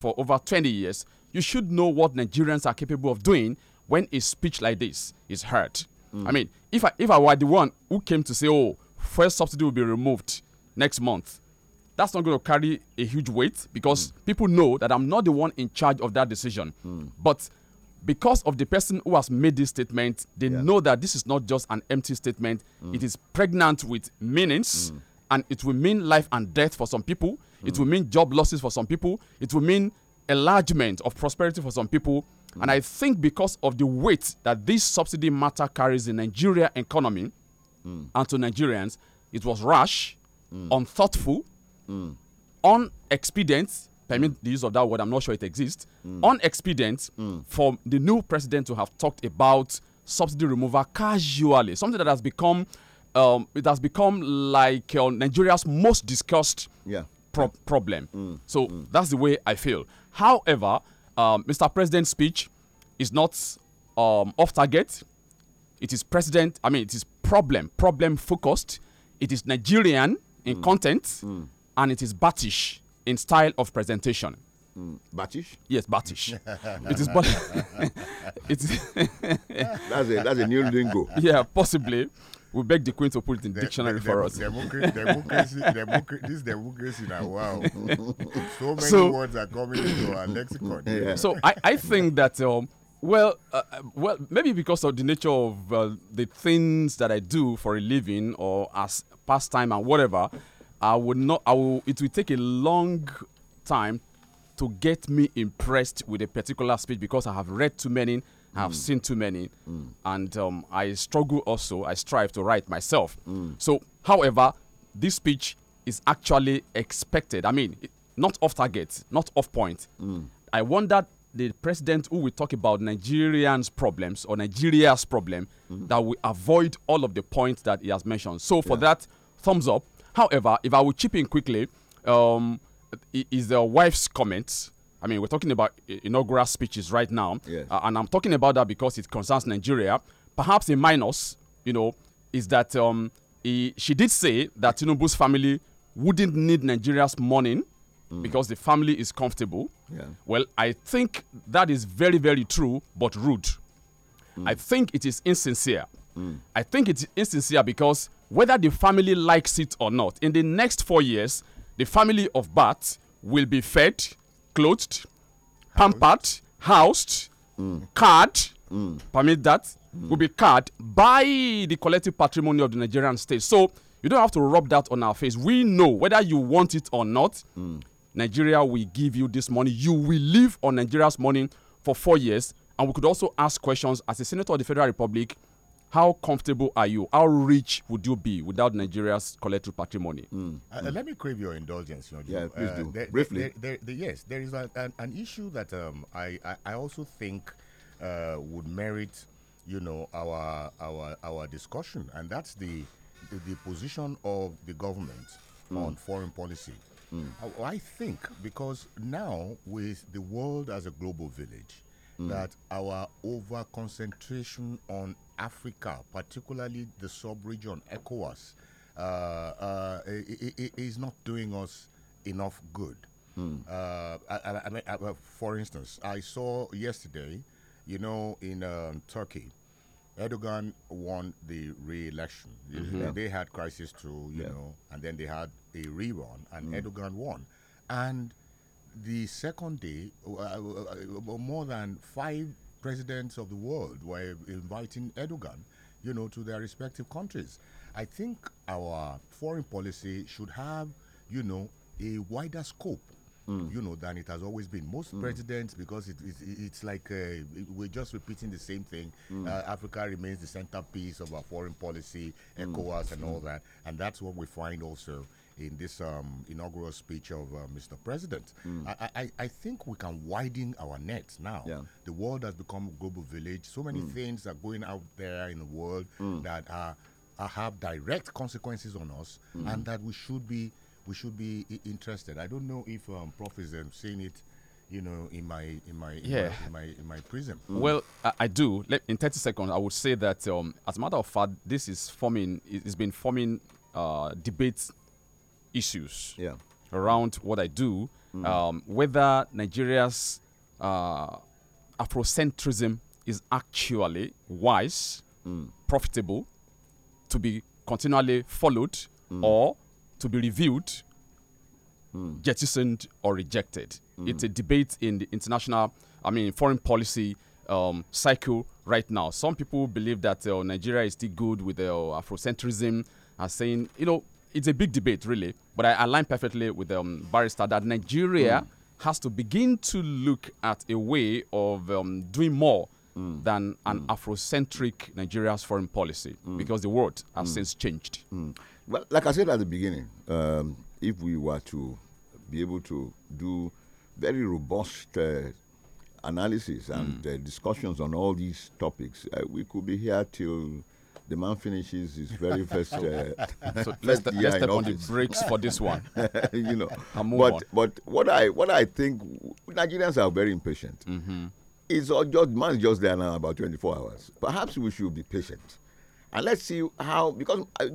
for over 20 years, you should know what Nigerians are capable of doing when a speech like this is heard. Mm. I mean, if I, if I were the one who came to say, oh, first subsidy will be removed next month, that's not going to carry a huge weight because mm. people know that I'm not the one in charge of that decision. Mm. But because of the person who has made this statement, they yeah. know that this is not just an empty statement, mm. it is pregnant with meanings mm and it will mean life and death for some people. Mm. It will mean job losses for some people. It will mean enlargement of prosperity for some people. Mm. And I think because of the weight that this subsidy matter carries in Nigeria economy mm. and to Nigerians, it was rash, unthoughtful, unexpedient. Permit the use of that word. I'm not sure it exists. Unexpedient for the new president to have talked about subsidy removal casually, something that has become um, it has become like uh, Nigeria's most discussed yeah. pro problem. Mm. So mm. that's the way I feel. However, um, Mr. President's speech is not um, off target. It is president. I mean, it is problem problem focused. It is Nigerian in mm. content, mm. and it is Batish in style of presentation. Mm. Batish? Yes, Batish. it is Batish. it's that's a that's a new lingo. Yeah, possibly we beg the queen to put it in the, dictionary for us. Democracy, democracy, democracy, this democracy now, wow. So many so, words are coming into our lexicon. Yeah. So I, I think that, um, well, uh, uh, well, maybe because of the nature of uh, the things that I do for a living or as pastime and whatever, I would not, I will, it will take a long time to get me impressed with a particular speech because I have read too many I've mm. seen too many, mm. and um, I struggle also. I strive to write myself. Mm. So, however, this speech is actually expected. I mean, not off target, not off point. Mm. I wonder the president who will talk about Nigerians' problems or Nigeria's problem mm. that will avoid all of the points that he has mentioned. So, for yeah. that, thumbs up. However, if I will chip in quickly, um, is the wife's comments I mean, we're talking about inaugural speeches right now, yes. uh, and I'm talking about that because it concerns Nigeria. Perhaps a minus, you know, is that um, he, she did say that Tinubu's family wouldn't need Nigeria's money mm. because the family is comfortable. Yeah. Well, I think that is very, very true, but rude. Mm. I think it is insincere. Mm. I think it is insincere because whether the family likes it or not, in the next four years, the family of Bat will be fed clothed, pampered, housed, mm. card, mm. permit that, mm. will be card by the collective patrimony of the Nigerian state. So you don't have to rub that on our face. We know whether you want it or not, mm. Nigeria will give you this money. You will live on Nigeria's money for four years. And we could also ask questions as a senator of the Federal Republic how comfortable are you? How rich would you be without Nigeria's collective patrimony? Mm. Uh, mm. Let me crave your indulgence. You know, yeah, please uh, do. There, Briefly. There, there, yes, there is a, an, an, issue that um, I, I, I, also think uh, would merit, you know, our, our, our discussion, and that's the, the, the position of the government mm. on foreign policy. I, mm. uh, I think because now with the world as a global village, mm. that our over concentration on Africa, particularly the sub-region ECOWAS, uh, uh, is not doing us enough good. Hmm. Uh, I, I, I, uh, for instance, I saw yesterday, you know, in um, Turkey, Erdogan won the re-election. Mm -hmm. They had crisis too, you yeah. know, and then they had a rerun, and mm. Erdogan won. And the second day, uh, uh, uh more than five presidents of the world were inviting Erdogan, you know, to their respective countries. I think our foreign policy should have, you know, a wider scope. Mm. You know than it has always been. Most mm. presidents, because it, it, it's like uh, we're just repeating the same thing. Mm. Uh, Africa remains the centerpiece of our foreign policy, mm. ECOWAS, and mm. all that, and that's what we find also in this um, inaugural speech of uh, Mr. President. Mm. I, I, I, think we can widen our net now. Yeah. The world has become a global village. So many mm. things are going out there in the world mm. that are, are, have direct consequences on us, hmm. and that we should be we should be interested. I don't know if um, Prof is um, seeing it you know, in my in my in yeah. my, in my, in my prism. Hmm. Well, I, I do. Let, in 30 seconds, I would say that um, as a matter of fact, this is forming. It's been forming uh, debates issues yeah. around what I do, mm. um, whether Nigeria's uh, Afrocentrism is actually wise, mm. profitable, to be continually followed, mm. or to be reviewed, mm. jettisoned, or rejected. Mm. It's a debate in the international, I mean, foreign policy um, cycle right now. Some people believe that uh, Nigeria is still good with uh, Afrocentrism, are saying, you know, it's a big debate, really, but I align perfectly with um, Barrister that Nigeria mm. has to begin to look at a way of um, doing more mm. than an mm. Afrocentric Nigeria's foreign policy hmm. because the world has hmm. since changed. Hmm. Well, like I said at the beginning, um, if we were to be able to do very robust uh, analysis and uh, discussions on all these topics, uh, we could be here till the man finishes his very first. Uh, so let let's, year let's step on the brakes for this one. you know, but on. but what I what I think Nigerians are very impatient. Mm -hmm. It's all just man's just there now about twenty four hours. Perhaps we should be patient, and let's see how because uh,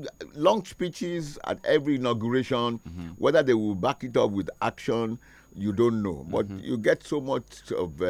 long speeches at every inauguration, mm -hmm. whether they will back it up with action. You don't know, but mm -hmm. you get so much of uh,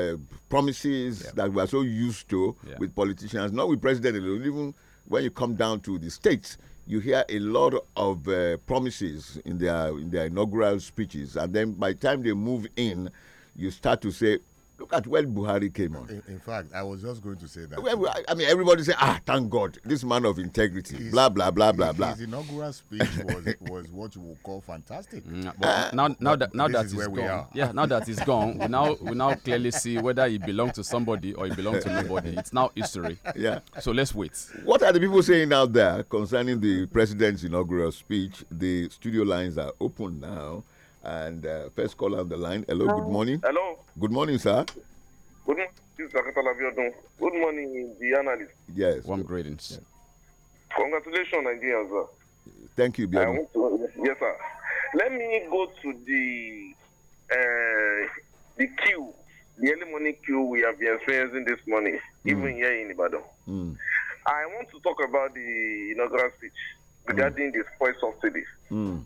promises yeah. that we are so used to yeah. with politicians, not with president alone, even when you come down to the states, you hear a lot of uh, promises in their in their inaugural speeches, and then by the time they move in, you start to say, Look at when Buhari came on. In, in, fact, I was just going to say that. Well, I mean, everybody say, ah, thank God, this man of integrity, his, blah, blah, blah, blah, blah. His inaugural speech was, was what you would call fantastic. Mm, uh, now, now that, now that is where gone, we are. yeah, now that he's gone, we now, we now clearly see whether he belonged to somebody or he belonged to nobody. It's now history. Yeah. So let's wait. What are the people saying out there concerning the president's inaugural speech? The studio lines are open now. And uh, first caller on the line. Hello, good morning. Hello. Good morning, sir. Good morning, Good morning, the analyst. Yes. Warm greetings. Yeah. Congratulations, Nigeria. Sir. Thank you, Biano. yes, sir. Let me go to the uh, the queue, the early morning queue we have been experiencing this morning, mm. even here in Ibadan. Mm. I want to talk about the inaugural speech hmm. regarding mm. this of subsidy. Mm.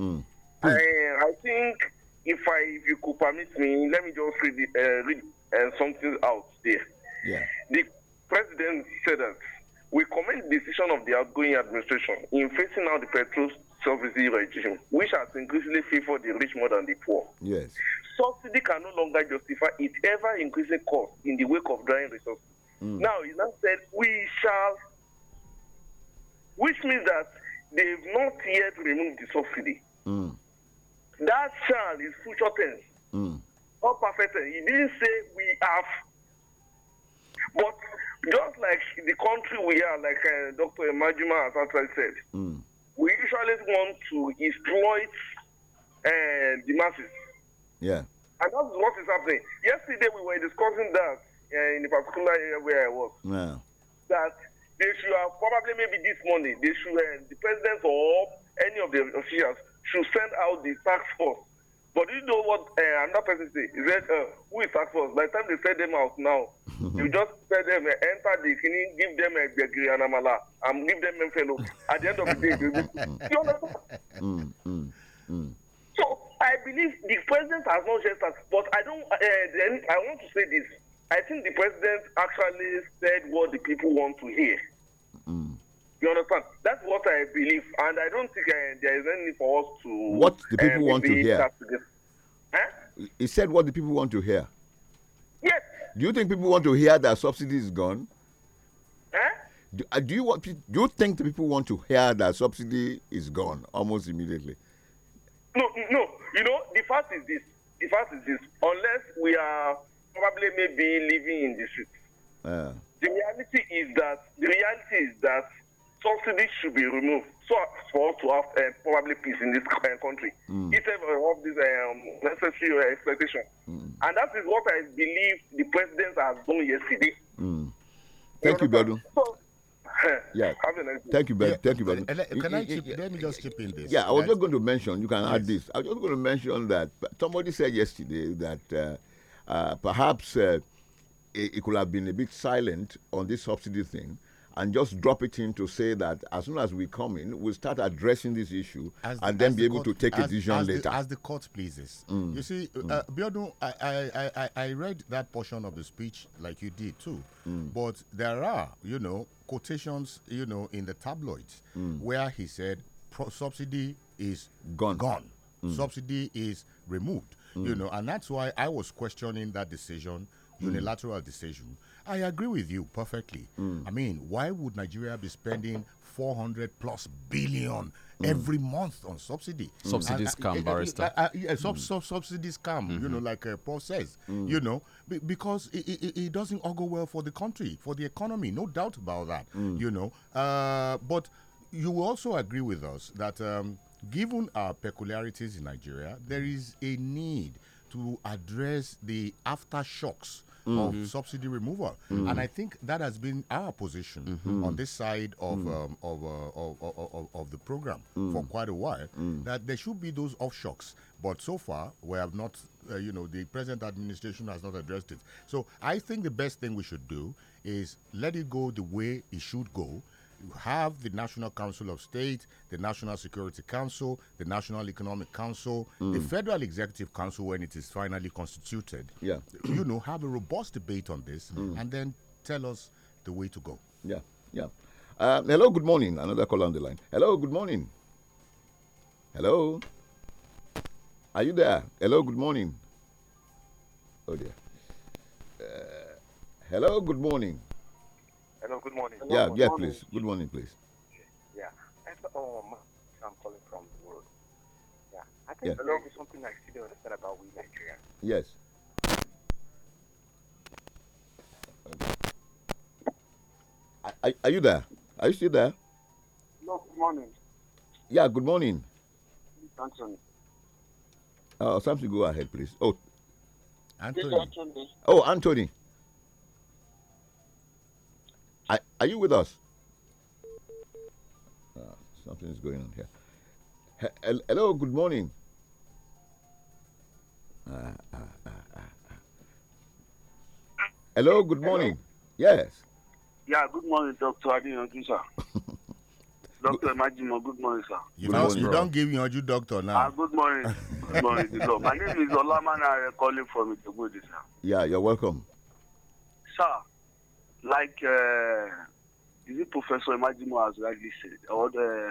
Mm. I, I think if I, if you could permit me, let me just read, uh, read uh, something out there. Yeah. The president said that we commend the decision of the outgoing administration in phasing out the petrol subsidy regime, which has increasingly favored the rich more than the poor. Yes. Subsidy can no longer justify its ever increasing cost in the wake of drying resources. Mm. Now, he now said, we shall, which means that they've not yet removed the subsidy. Mm. That child is future tense. Mm. Not perfect tense. He didn't say we have. But just like the country we are, like uh, Dr. Emajima has actually said, mm. we usually want to exploit uh, the masses. Yeah. And that's what is happening. Yesterday we were discussing that uh, in the particular area where I was. Yeah. That they should have probably maybe this morning, they should, uh, the president or any of the officials should send out the task force. But you know what uh, another person say? He said, uh, who is task force? By the time they send them out now, you just send them, uh, enter the kini, give them a degree and amala, and give them a fellow. Oh. At the end of the day, you understand? Mm, mm, mm. So I believe the president has not just that, but I don't. Uh, then I want to say this. I think the president actually said what the people want to hear. You understand? That's what I believe, and I don't think uh, there is any need for us to. What the people uh, want to hear. huh? Eh? He said what the people want to hear. Yes. Do you think people want to hear that subsidy is gone? Huh? Do, you want? Do you think the people want to hear that subsidy is gone almost immediately? No, no. You know, the fact is this. The fact is this. Unless we are probably maybe living in the streets. The reality is that the reality is that subsidies should be removed so for us to have uh, probably peace in this uh, country mm. instead of this eh, um, necessary expectation. Mm. And that is what I believe the president has done yesterday. Mm. Thank you, Bedu. yeah. Thank you, Yeah. Thank you, Ben. Can I keep, let me just keep in this? Yeah, I was just going to mention. You can yes. add this. I was just going to mention that somebody said yesterday that uh, uh perhaps uh, it, it could have been a bit silent on this subsidy thing, and just drop it in to say that as soon as we come in, we'll start addressing this issue as and then be the able court, to take as, a decision as later. The, as the court pleases. Mm. You see, mm. uh, Biodo, I, I, I, I, read that portion of the speech like you did too, mm. but there are, you know, quotations, you know, in the tabloids mm. where he said subsidy is gone. gone. Mm. Subsidy is removed, you mm. know, and that's why I was questioning that decision, unilateral decision I agree with you perfectly. Mm. I mean, why would Nigeria be spending 400 plus billion mm. every month on subsidy? Mm. Subsidies uh, come, barrister. Uh, uh, mm. Subsidies come, you know, mm-hmm. like uh, Paul says, mm. you know, because it, it, it, doesn't all go well for the country, for the economy, no doubt about that, mm. you know. Uh, but you will also agree with us that um, given our peculiarities in Nigeria, there is a need to address the aftershocks Mm-hmm. of mm-hmm. subsidy removal. Mm-hmm. And I think that has been our position on this side of, um, of, uh, of, of, of, the program mm. for quite a while mm. that there should be those offshocks. But so far, we have not, uh, you know, the present administration has not addressed it. So I think the best thing we should do is let it go the way it should go you have the National Council of State, the National Security Council, the National Economic Council, mm. the Federal Executive Council when it is finally constituted. Yeah. You know, have a robust debate on this mm. and then tell us the way to go. Yeah, yeah. Uh, hello, good morning. Another call on the line. Hello, good morning. Hello. Are you there? Hello, good morning. Oh dear. Uh, hello, good morning. Hello, good morning. Hello, yeah, good yeah, morning. please. Good morning, please. Yeah. Um, I'm calling from the world. Yeah. I think yeah. there is something I still don't understand about we Nigeria. Yes. Are, are you there? Are you still there? No, good morning. Yeah, good morning. Anthony. Uh, something go ahead, please. Oh, Anthony. Anthony. Oh, Anthony. Are, are you with us? Uh, something is going on here. He hello, good morning. Uh, hello, good morning. Hello. Yes. Yeah, good morning, Dr. Adeyanju, sir. Dr. Imajimo, good morning, sir. You, good morning, you don't give me new doctor now. Uh, good morning. Good morning, Lord. My name is Olamana calling from Itogodi, sir. Yeah, you're welcome. Sir, like uh, is it Professor Imajimo has rightly said, or the,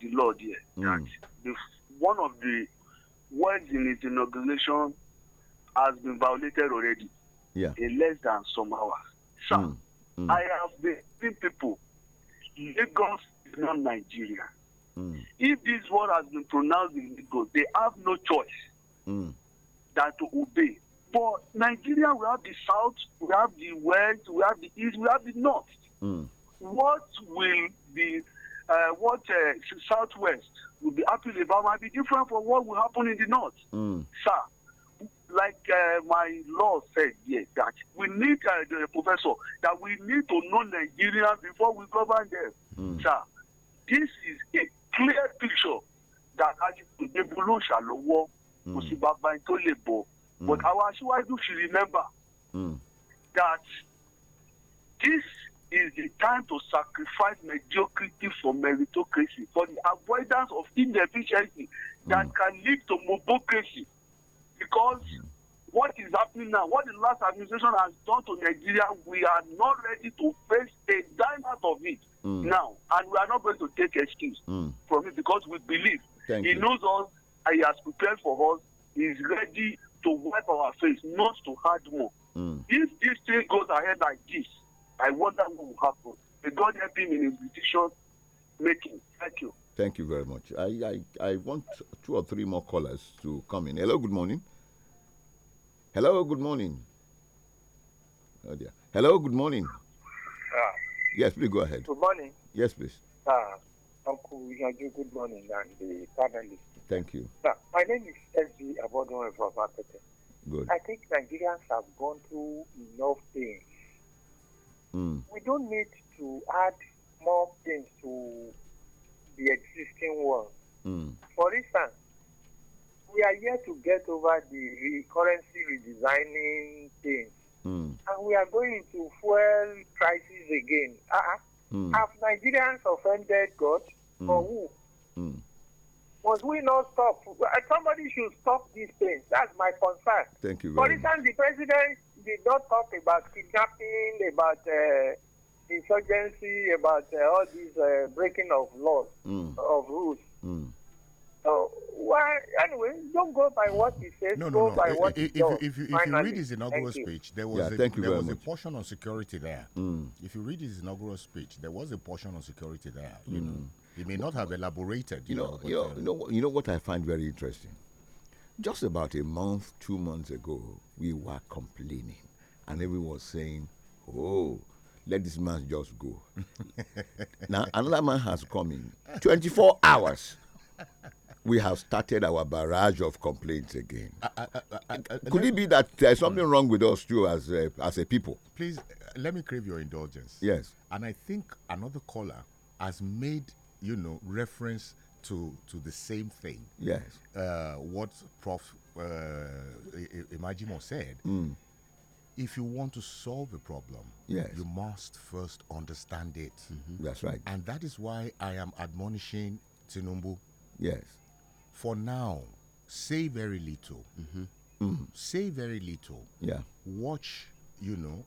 the Lord here, mm. that the, one of the words in his inauguration has been violated already yeah. in less than some hours. So, mm. Mm. I have been telling people, Lagos is not Nigeria. Mm. If this word has been pronounced in Lagos, they have no choice mm. than to obey but Nigeria, we have the south, we have the west, we have the east, we have the north. Mm. What will the uh, what uh, southwest will be happening? about might be different from what will happen in the north, mm. sir. Like uh, my law said, yes, that we need uh, the professor that we need to know Nigeria before we govern them, mm. sir. This is a clear picture that as you put the blue shall lower, kò sí hmm. bàbá yín tó lè bọ̀. Mm. But our Shiwaju should remember mm. that this is the time to sacrifice mediocrity for meritocracy, for the avoidance of inefficiency that mm. can lead to mobocracy. Because mm. what is happening now, what the last administration has done to Nigeria, we are not ready to face a dime out of it mm. now. And we are not going to take excuse mm. from it because we believe Thank he you. knows us, he has prepared for us, he is ready to wipe our face, not to hard more. Mm. If this thing goes ahead like this, I wonder what will happen. May God help him in his decision making. Thank you. Thank you very much. I, I, I want two or three more callers to come in. Hello, good morning. Hello, good morning. Oh dear. Hello, good morning. Uh, yes, please go ahead. Good morning. Yes, please. Uh, Uncle Yaju, good morning, and the uh, panelists. Thank you. Now, my name is S.G. Abodon from Apete. Good. I think Nigerians have gone through enough things. Mm. We don't need to add more things to the existing ones. Mm. For instance, we are here to get over the re currency redesigning things, Mm. And we are going to fuel crisis again. Uh -uh. Mm. Have Nigerians offended God? Mm. Or who? Mm. Must we not stop? Uh, somebody should stop this thing. That's my concern. Thank you For instance, the president did not talk about kidnapping, about uh, insurgency, about uh, all these uh, breaking of laws, mm. of rules. Hmm. So uh, why, anyway, don't go by what he says. No, no, go no. by what if, he does. If, if, you, if you read his inaugural thank speech, there was yeah, a, there was a portion on security there. Mm. If you read his inaugural speech, there was a portion on security there. You mm. know, he may not have elaborated. You, you know, know you, know, uh, you know, you know what I find very interesting. Just about a month, two months ago, we were complaining, and everyone was saying, "Oh." Let this man just go. now another man has come in. Twenty-four hours we have started our barrage of complaints again. I, I, I, Could it be that there's something wrong with us too as a, as a people? Please, uh, let me crave your indulgence. Yes. And I think another caller has made, you know, reference to to the same thing. Yes. Uh, what Prof. Uh, Imajimo said. Mm. If you want to solve a problem, yes. you must first understand it. Mm -hmm. That's right. And that is why I am admonishing Tinubu. Yes for now, say very little. Mm-hmm. mm Say very little. Yeah. Watch, you know,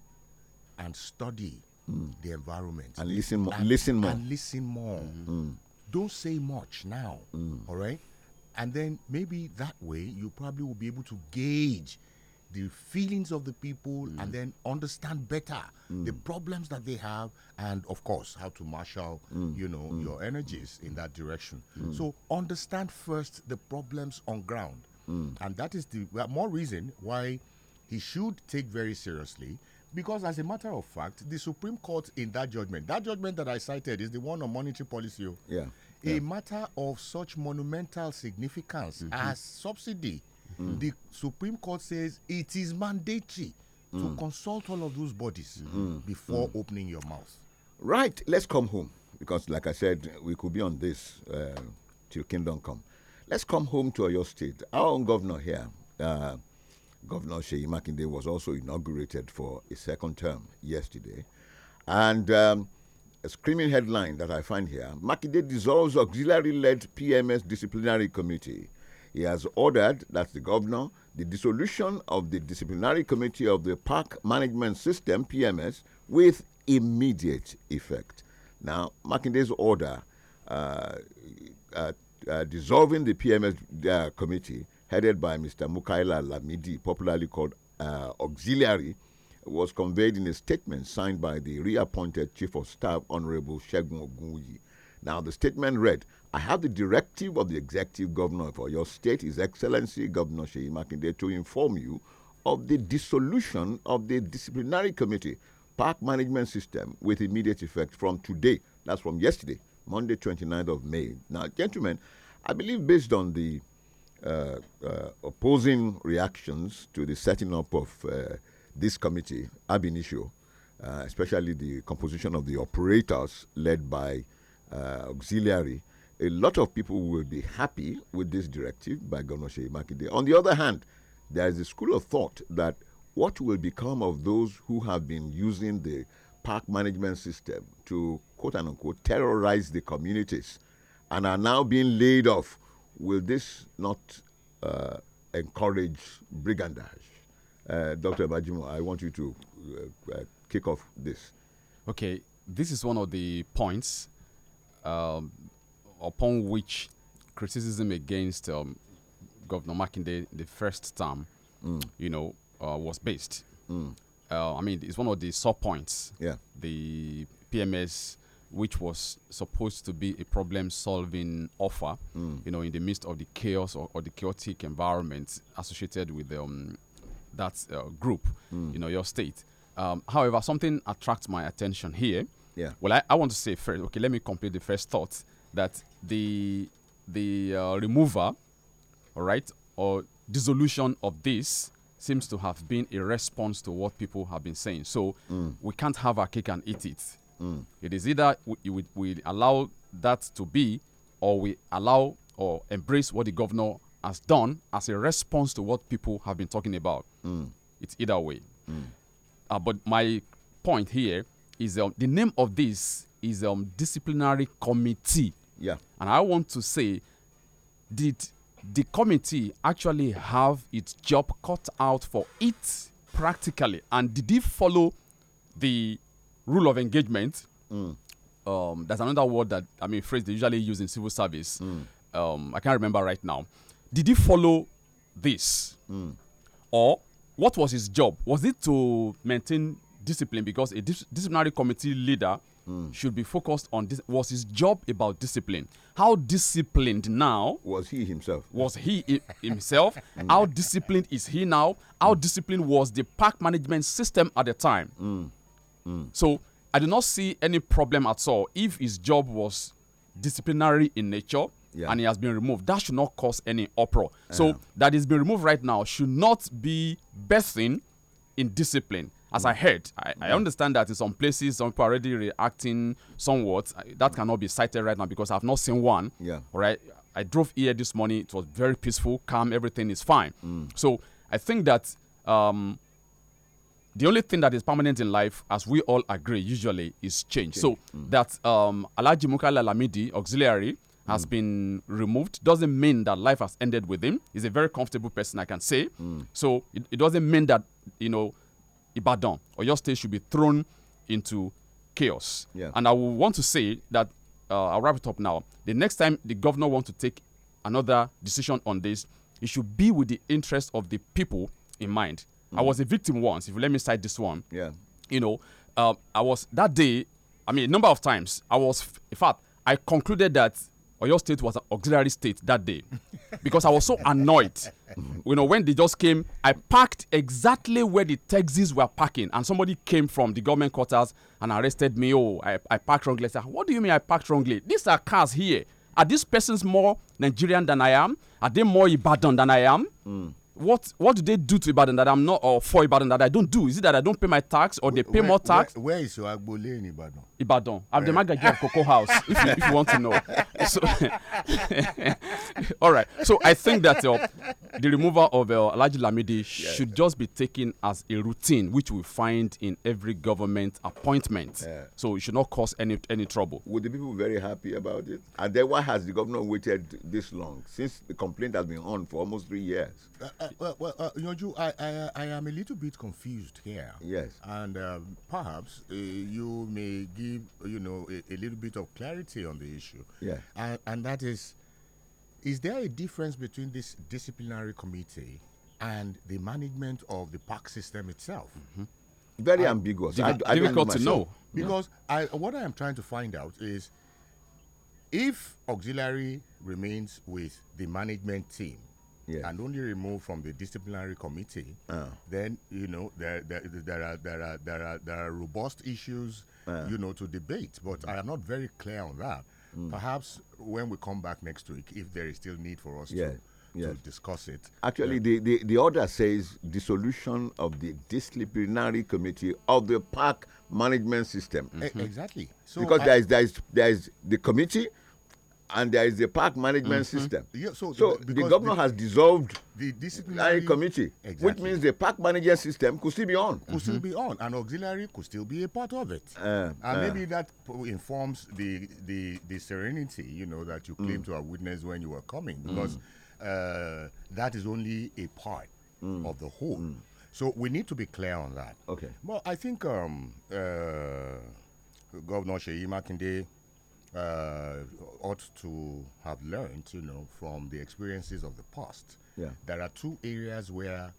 and study mm. the environment. And listen more. And, listen more. And listen more. Mm-hmm. Mm. Don't say much now. Mm. All right? And then maybe that way you probably will be able to gauge the feelings of the people mm. and then understand better mm. the problems that they have and of course how to marshal mm. you know mm. your energies in that direction mm. so understand first the problems on ground mm. and that is the more reason why he should take very seriously because as a matter of fact the supreme court in that judgment that judgment that i cited is the one on monetary policy yeah, oh, yeah. a matter of such monumental significance -hmm. as subsidy Mm. The Supreme Court says it is mandatory mm. to consult all of those bodies mm. before opening your mouth. Right. Let's come home because, like I said, we could be on this uh, till kingdom come. Let's come home to your state. Our own governor here, uh, Governor Sheyi Makinde, was also inaugurated for a second term yesterday, and. Um, a screaming headline that I find here Makinde dissolves auxiliary led PMS disciplinary committee. He has ordered, that's the governor, the dissolution of the disciplinary committee of the park management system, PMS, with immediate effect. Now, Makinde's order uh, uh, uh, dissolving the PMS uh, committee, headed by Mr. Mukaila Lamidi, popularly called uh, Auxiliary, was conveyed in a statement signed by the reappointed Chief of Staff, Honorable Shegun Ogunyi. Now, the statement read I have the directive of the executive governor for your state, His Excellency Governor Sheyi Makinde, to inform you of the dissolution of the disciplinary committee park management system with immediate effect from today. That's from yesterday, Monday, 29th of May. Now, gentlemen, I believe based on the uh, uh, opposing reactions to the setting up of uh, this committee, ab initio, uh, especially the composition of the operators led by uh, auxiliary, a lot of people will be happy with this directive by Governor Shea Makinde. On the other hand, there is a school of thought that what will become of those who have been using the park management system to quote unquote terrorize the communities and are now being laid off? Will this not uh, encourage brigandage? Uh, Dr. Bajimo, I want you to uh, uh, kick off this. Okay, this is one of the points um, upon which criticism against um, Governor Makinde the first term, mm. you know, uh, was based. Mm. Uh, I mean, it's one of the sore points. Yeah. The PMS, which was supposed to be a problem-solving offer, mm. you know, in the midst of the chaos or, or the chaotic environment associated with um, that uh, group, mm. you know, your state. Um, however, something attracts my attention here. Yeah. Well, I, I want to say first. Okay, let me complete the first thought that the the uh, removal, all right, or dissolution of this seems to have been a response to what people have been saying. So mm. we can't have our cake and eat it. Mm. It is either we, we, we, allow that to be, or we allow or embrace what the governor has done as a response to what people have been talking about. Mm. It's either way. Mm. Uh, but my point here is um, the name of this is um, disciplinary committee. Yeah. And I want to say, did the committee actually have its job cut out for it practically, and did it follow the rule of engagement? Mm. Um, that's another word that I mean phrase they usually use in civil service. Mm. Um, I can't remember right now. Did he follow this, mm. or what was his job? Was it to maintain discipline because a dis disciplinary committee leader mm. should be focused on this. Was his job about discipline? How disciplined now was he himself? Was he himself? How disciplined is he now? How mm. disciplined was the park management system at the time? Mm. mm. So I do not see any problem at all if his job was disciplinary in nature. Yeah. and he has been removed. That should not cause any uproar. Uh -huh. So uh-huh. that is being removed right now should not be best thing in discipline as I heard, I, I, mm. understand that in some places some people are already reacting somewhat. That mm. cannot be cited right now because I've not seen one. Yeah. Right. I drove here this morning. It was very peaceful, calm. Everything is fine. Mm. So I think that um, the only thing that is permanent in life, as we all agree, usually is change. So mm. that um, Alaji Mukala Lamidi auxiliary has mm. been removed doesn't mean that life has ended with him. He's a very comfortable person, I can say. Mm. So it, it doesn't mean that you know Ibadan or your state should be thrown into chaos. Yeah. And I want to say that uh, I'll wrap it up now. The next time the governor wants to take another decision on this, it should be with the interest of the people in mind. Mm. I was a victim once. If you let me cite this one, yeah, you know, uh, I was that day. I mean, a number of times I was. In fact, I concluded that Oyo State was an auxiliary state that day because I was so annoyed. You know, when they just came, I parked exactly where the taxis were parking, and somebody came from the government quarters and arrested me. Oh, I, I parked wrongly. I said, What do you mean I parked wrongly? These are cars here. Are these persons more Nigerian than I am? Are they more Ibadan than I am? Mm what what do they do to Ibadan that I'm not or for Ibadan that I don't do? Is it that I don't pay my tax or they pay where, more tax? where, where is your agbole in Ibadan? Ibadan. I'm the eh. Magaji of Cocoa House, if you, if you want to know. So, all right. So I think that uh, the removal of uh, large Lamidi yeah. should just be taken as a routine, which we find in every government appointment. Yeah. So it should not cause any any trouble. Would the people be very happy about it? And then why has the governor waited this long since the complaint has been on for almost three years? Uh, uh, well, well uh, Yonju, I, I, I, am a little bit confused here. Yes. And um, perhaps uh, you may give, you know, a, a, little bit of clarity on the issue. Yeah. And, and that is, is there a difference between this disciplinary committee and the management of the park system itself? Mm -hmm. Very I, ambiguous. I, I difficult to know. Because I, what I am trying to find out is if auxiliary remains with the management team, and only removed from the disciplinary committee, uh. then you know there, there, there are there are there are there are robust issues uh. you know to debate. But mm. I am not very clear on that. Mm. Perhaps when we come back next week, if there is still need for us yeah. to. Yes. to discuss it. Actually, yeah. the, the, the order says dissolution of the disciplinary committee of the park management system. Mm -hmm. Exactly. So because I, there, is, there, is, there is the committee, and there is a park management mm -hmm. system. Yeah, so, so the, governor the, has dissolved the disciplinary committee, exactly. which means the park manager system could still be on. Could mm -hmm. still mm-hmm. be on, and auxiliary could still be a part of it. Uh, and uh, maybe that informs the, the the serenity, you know, that you mm. claim mm. to have witnessed when you were coming, mm. because uh, that is only a part mm. of the whole. So we need to be clear on that. Okay. Well, I think um, uh, Governor Sheyi Makinde uh, ought to have learned, you know, from the experiences of the past. Yeah. There are two areas where,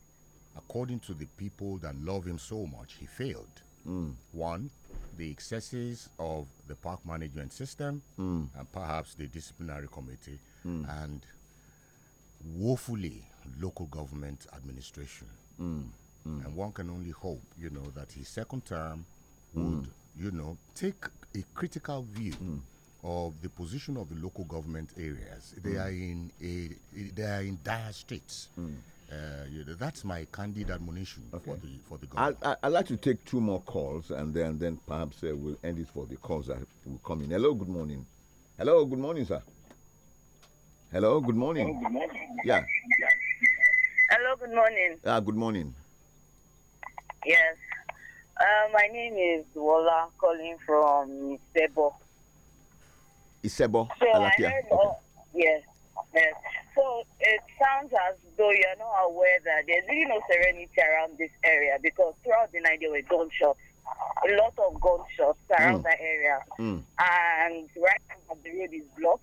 according to the people that love him so much, he failed. Mm. One, the excesses of the park management system mm. and perhaps the disciplinary committee, mm. and woefully local government administration. Mm. Mm. And one can only hope, you know, that his second term mm. would, you know, take a critical view of the position of the local government areas. They mm. are in a they are in dire states. Mm. Uh, yeah, that's my candid admonition okay. for the for the government. I, would like to take two more calls and then then perhaps uh, we'll end it for the calls that will come in. Hello, good morning. Hello, good morning, sir. Hello, good morning. Hello, good morning. Yeah. yeah. Hello, good morning. Ah, good morning. Yes. Uh, my name is Wola, calling from Sebo. Isebo so I know, okay. Yes, yes. So it sounds as though you're not aware that there's really no serenity around this area because throughout the night there were gunshots, a lot of gunshots around mm. that area. Mm. And right now the road is blocked.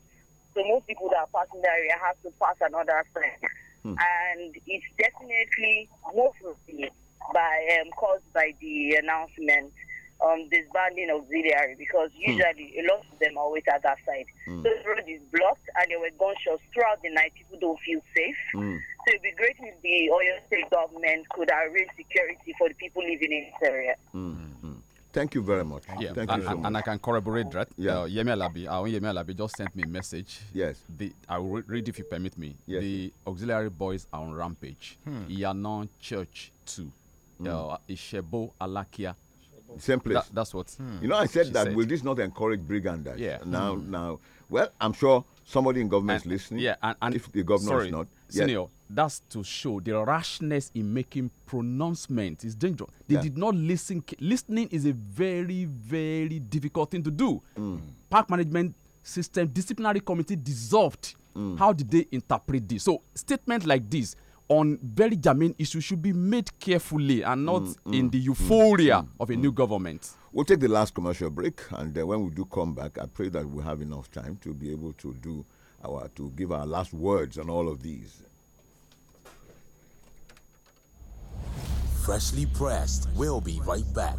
So most people that are passing the area have to pass another friend. Mm. And it's definitely mostly by um, caused by the announcement um, disbanding auxiliary because hmm. usually a lot of them are always at that side. Mm. So the road is blocked and there were gunshots throughout the night. People don't feel safe. Hmm. So it'd be great if the Oyo State government could arrange security for the people living in this area. -hmm. hmm. Thank you very much. Yeah, Thank and, you so and I can corroborate that. Yeah. Uh, Yemi Alabi, our uh, Yemi Alabi just sent me a message. Yes. The, I will read if you permit me. Yes. The auxiliary boys are on rampage. Hmm. Yanon Church 2. Mm. Uh, Ishebo Alakia same place. That, that's what. Hmm. You know, I said that. Said. Will this not encourage brigandage? Yeah. Now, hmm. now, well, I'm sure somebody in government and, is listening. Yeah, and, and if the governor sorry, is not, senior, that's to show the rashness in making pronouncements is dangerous. They yeah. did not listen. Listening is a very, very difficult thing to do. Mm. Park management system disciplinary committee dissolved. Mm. How did they interpret this? So statements like this on very germane issues should be made carefully and not mm, mm, in the mm, euphoria mm, of a mm. new government. We'll take the last commercial break, and then uh, when we do come back, I pray that we have enough time to be able to do our to give our last words on all of these. Freshly pressed. We'll be right back.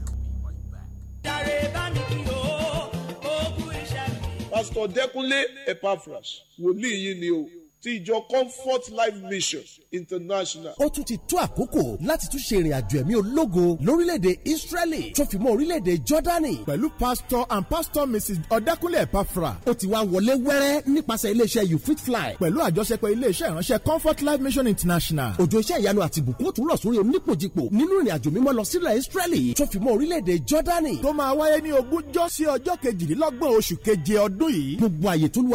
Pastor Dekunle Epaphras, ti ìjọ Comfort Life Mission International. ó tún ti tó àkókò láti tún ṣe ìrìnàjò ẹ̀mí ológo lórílẹ̀‐èdè Israeli tó fi mọ́ orílẹ̀‐èdè Jordani. pẹ̀lú pastor and pastor Mrs. Ọ̀dẹ́kúnlé Epafra ó ti wá wọlé wẹ́rẹ́ nípasẹ̀ iléeṣẹ́ You Fit Fly pẹ̀lú àjọṣepọ̀ iléeṣẹ́ ìránṣẹ́ Comfort Life Mission International. òjò iṣẹ́ ìyanu àti ìbùkún tún lọ sórí onípòjìpò nínú ìrìnàjò mímọ́ lọ sílẹ̀ Israeli tó fi mọ́ orílẹ̀‐èdè Jordani. tó máa wáyé ní ogúnjọ́ sí ọjọ́ kejìlélọ́gbọ̀n oṣù keje ọdún yìí. gbogbo àyè tó lu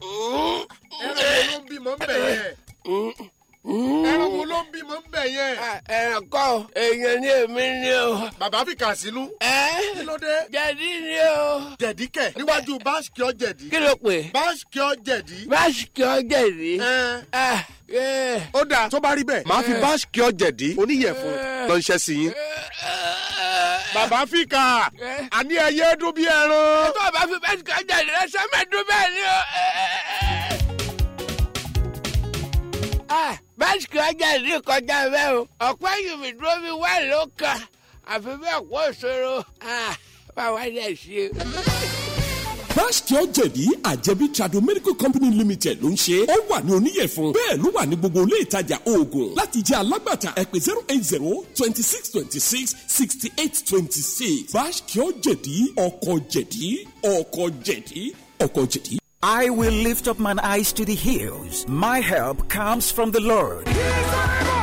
ẹran wo ló ń bímọ ń bẹ̀ yẹn ẹran wo ló ń bímọ ń bẹ̀ yẹn. Ah, ẹran kọ́ èèyàn ni èmi ni o. bàbá fi kà sílú. ẹ kí ló dé. jẹ̀dí ni o. jẹ̀dí kẹ̀ níwájú báṣkìọ́ jẹ̀dí. kí ló pè. báṣkìọ́ jẹ̀dí. báṣkìọ́ jẹ̀dí. Ah, ó dáa tó bá rí bẹ́ẹ̀ máa fi eh. báṣkìọ́ jẹ̀dí oníyẹ̀fun lọ́nṣẹ́ eh. sí yín. Eh bàbá fìkà eh? àní ẹyẹ dún bí ẹran. ẹ tó bá fi bẹ́ẹ̀ kọ́ jáde lẹ́sẹ̀ mẹ́ẹ̀ẹ́dún bẹ́ẹ̀ ni o. Eh, eh, ah, bẹ́ẹ̀ kọ́ jáde kọjá bẹ́ẹ̀ o ọ̀pẹ́ yìí mi dúró mi wá ló kan àfi bẹ́ẹ̀ kó sòrò ah, báwa dẹ̀ ṣe crash cure jẹ̀dí àjẹbí trado medical company limited ló ń ṣe ó wà ní oníyẹ̀fún bẹ́ẹ̀ ló wà ní gbogbo ilé ìtajà oògùn láti jẹ́ alágbàtà ẹ zero eight zero twenty six twenty six sixty eight twenty six crash cure jẹ̀dí ọkọ̀ jẹ̀dí ọkọ̀ jẹ̀dí ọkọ̀ jẹ̀dí. I will lift up my eyes to the hills. My help comes from the Lord. Jesus!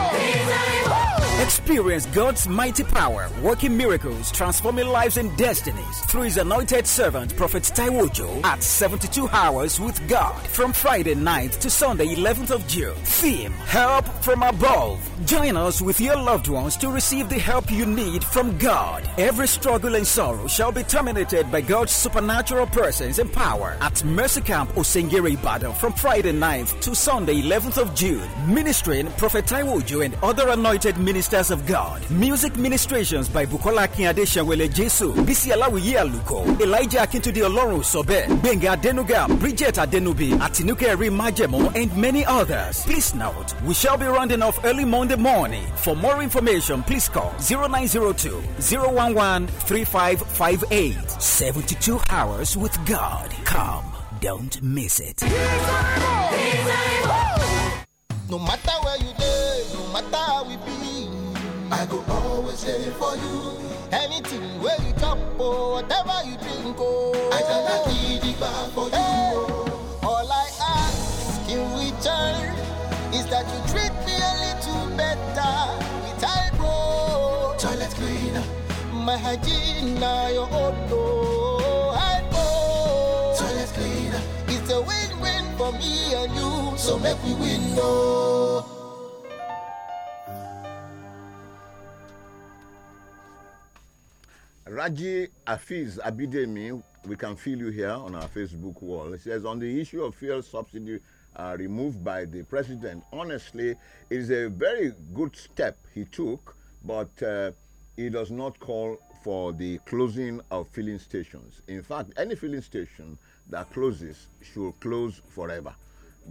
Experience God's mighty power, working miracles, transforming lives and destinies through His anointed servant, Prophet Taiwojo, at 72 Hours with God from Friday 9th to Sunday 11th of June. Theme Help from Above. Join us with your loved ones to receive the help you need from God. Every struggle and sorrow shall be terminated by God's supernatural presence and power at Mercy Camp Osengiri Battle from Friday 9th to Sunday 11th of June. Ministering Prophet Taiwojo and other anointed ministers Ministers of God. Music Ministrations by Bukola Akínyadé Ṣẹ̀wẹ̀lẹ̀ Jésù. Bísí Aláwìyé Àlùkò. Elijah Akíntúndé Ọlọ́run Sọ̀bẹ̀. Benga Adenuga. Bridget Adenubi. Atinuke Májẹ̀mọ́ and many others. Please note, we shall be rounding off early Monday morning. For more information, please call 0902 011 3558. 72 hours with God. Come, don't miss it. No matter where you live, no matter I go always there for you. Anything where you chop or oh, whatever you drink, oh. I cannot eat it back for hey. you. All I ask in return is that you treat me a little better with eyebrow. Toilet cleaner. My hygiene now your own, oh. Eyebrow. Toilet cleaner. It's a win-win for me and you, so make we win, oh. Raji Afiz Abidemi, we can feel you here on our Facebook wall. It says, on the issue of fuel subsidy uh, removed by the president, honestly, it is a very good step he took, but uh, does not call for the closing of filling stations. In fact, any filling station that closes should close forever.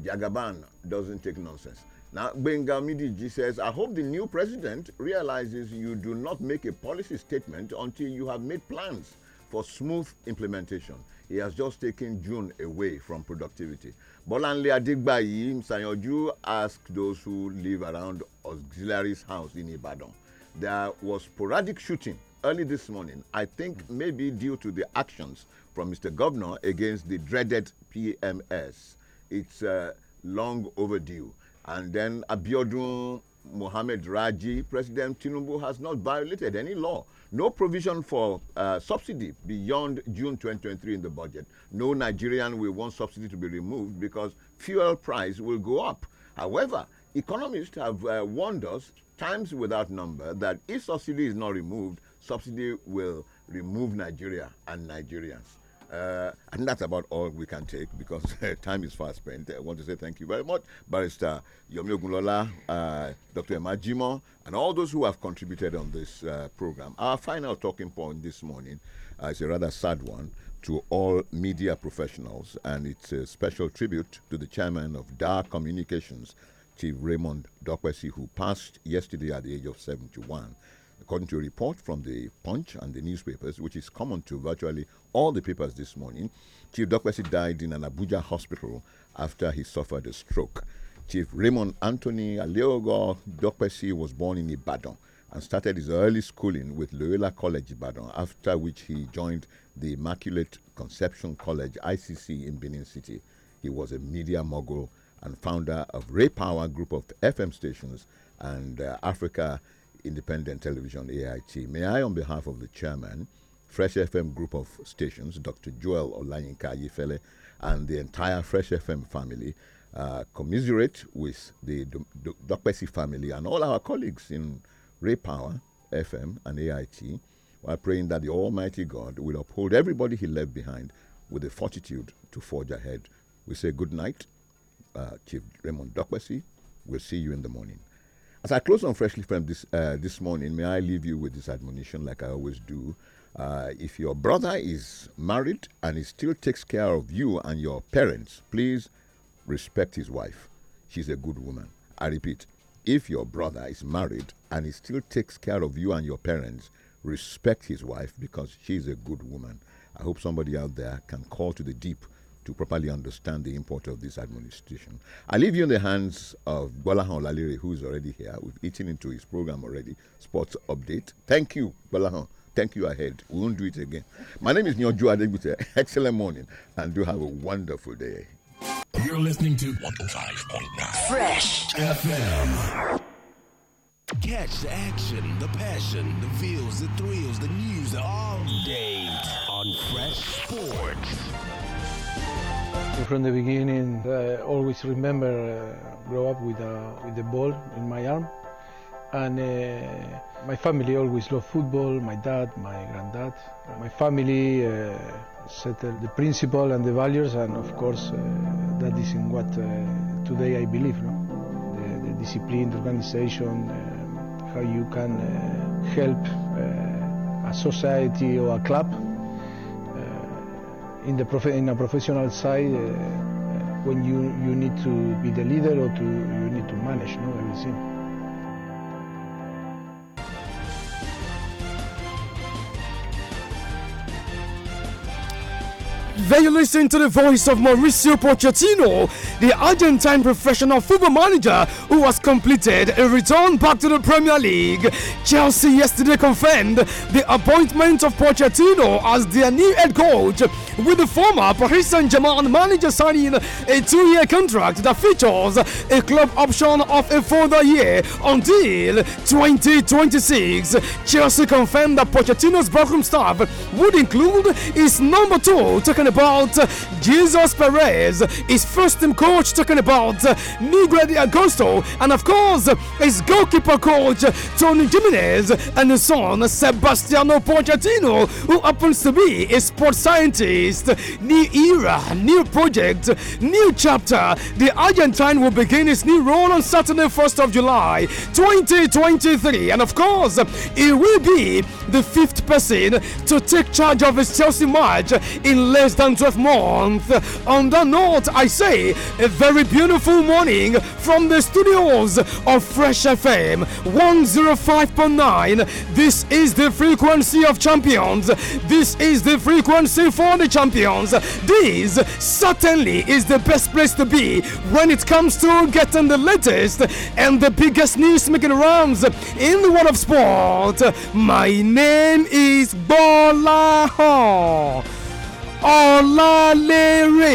Jagaban doesn't take nonsense. Now, Benga Midiji says, I hope the new president realizes you do not make a policy statement until you have made plans for smooth implementation. He has just taken June away from productivity. Bolanle Adigbayi Msanyoju asked those who live around Auxiliary's house in Ibadan. There was sporadic shooting early this morning, I think maybe due to the actions from Mr. Governor against the dreaded PMS. It's uh, long overdue. And then Abiodun Mohammed Raji, President Tinubu has not violated any law. No provision for uh, subsidy beyond June 2023 in the budget. No Nigerian will want subsidy to be removed because fuel price will go up. However, economists have uh, warned us times without number that if subsidy is not removed, subsidy will remove Nigeria and Nigerians. Uh, and that's about all we can take because time is fast spent. I want to say thank you very much, Barrister Yomi Ogunlola, uh, Dr. Emajimo, and all those who have contributed on this uh, program. Our final talking point this morning uh, is a rather sad one to all media professionals, and it's a special tribute to the chairman of DAR Communications, Chief Raymond Dokwesi, who passed yesterday at the age of 71 according to a report from the Punch and the newspapers, which is common to virtually all the papers this morning, Chief Dokwesi died in an Abuja hospital after he suffered a stroke. Chief Raymond Anthony Aleogo Dokwesi was born in Ibadan and started his early schooling with Loyola College Ibadan, after which he joined the Immaculate Conception College, ICC, in Benin City. He was a media mogul and founder of Ray Power Group of FM stations and uh, Africa Independent Television, AIT, may I, on behalf of the chairman, Fresh FM group of stations, Dr. Joel Olanyinka Yifele, and the entire Fresh FM family, uh, commiserate with the Dokpesi family and all our colleagues in Ray Power, FM, and AIT, while praying that the Almighty God will uphold everybody he left behind with the fortitude to forge ahead. We say good night, uh, Chief Raymond Dokpesi. We'll see you in the morning. As I close on Freshly Framed this, uh, this morning, may I leave you with this admonition, like I always do. Uh, if your brother is married and he still takes care of you and your parents, please respect his wife. She's a good woman. I repeat, if your brother is married and he still takes care of you and your parents, respect his wife because she's a good woman. I hope somebody out there can call to the deep to properly understand the import of this administration. I leave you in the hands of Gbolahan Lalire, who is already here. We've eaten into his program already, Sports Update. Thank you, Gbolahan. Thank you ahead. We won't do it again. My name is Nyoju Adegbute. Excellent morning and do have a wonderful day. You're listening to 105.9 Fresh FM. Catch the action, the passion, the feels, the thrills, the news all day on Fresh Sports. From the beginning, I uh, always remember uh, grow up with a uh, with ball in my arm, and uh, my family always loved football. My dad, my granddad, my family uh, set the principle and the values, and of course, uh, that is in what uh, today I believe. No? The, the discipline, the organization, how you can help a society or a club in the prof- in a professional side uh, when you you need to be the leader or to you need to manage no everything There you listen to the voice of Mauricio Pochettino, the Argentine professional football manager who has completed a return back to the Premier League. Chelsea yesterday confirmed the appointment of Pochettino as their new head coach, with the former Paris Saint-Germain manager signing a two-year contract that features a club option of a further year until 2026. Chelsea confirmed that Pochettino's backroom staff would include his number two, taken talking about Jesus Perez, his first team coach talking about Miguel Agosto, and of course his goalkeeper coach Tony Jimenez and his son Sebastiano Pochettino, who happens to be a sports scientist. New era, new project, new chapter. The Argentine will begin his new role on Saturday, 1st of July 2023, and of course, he will be the fifth person to take charge of his Chelsea match in less twelfth month. On that note, I say a very beautiful morning from the studios of Fresh FM 105.9. This is the frequency of champions. This is the frequency for the champions. This certainly is the best place to be when it comes to getting the latest and the biggest news making rounds in the world of sport. My name is Bola Hall. Ọlálérè.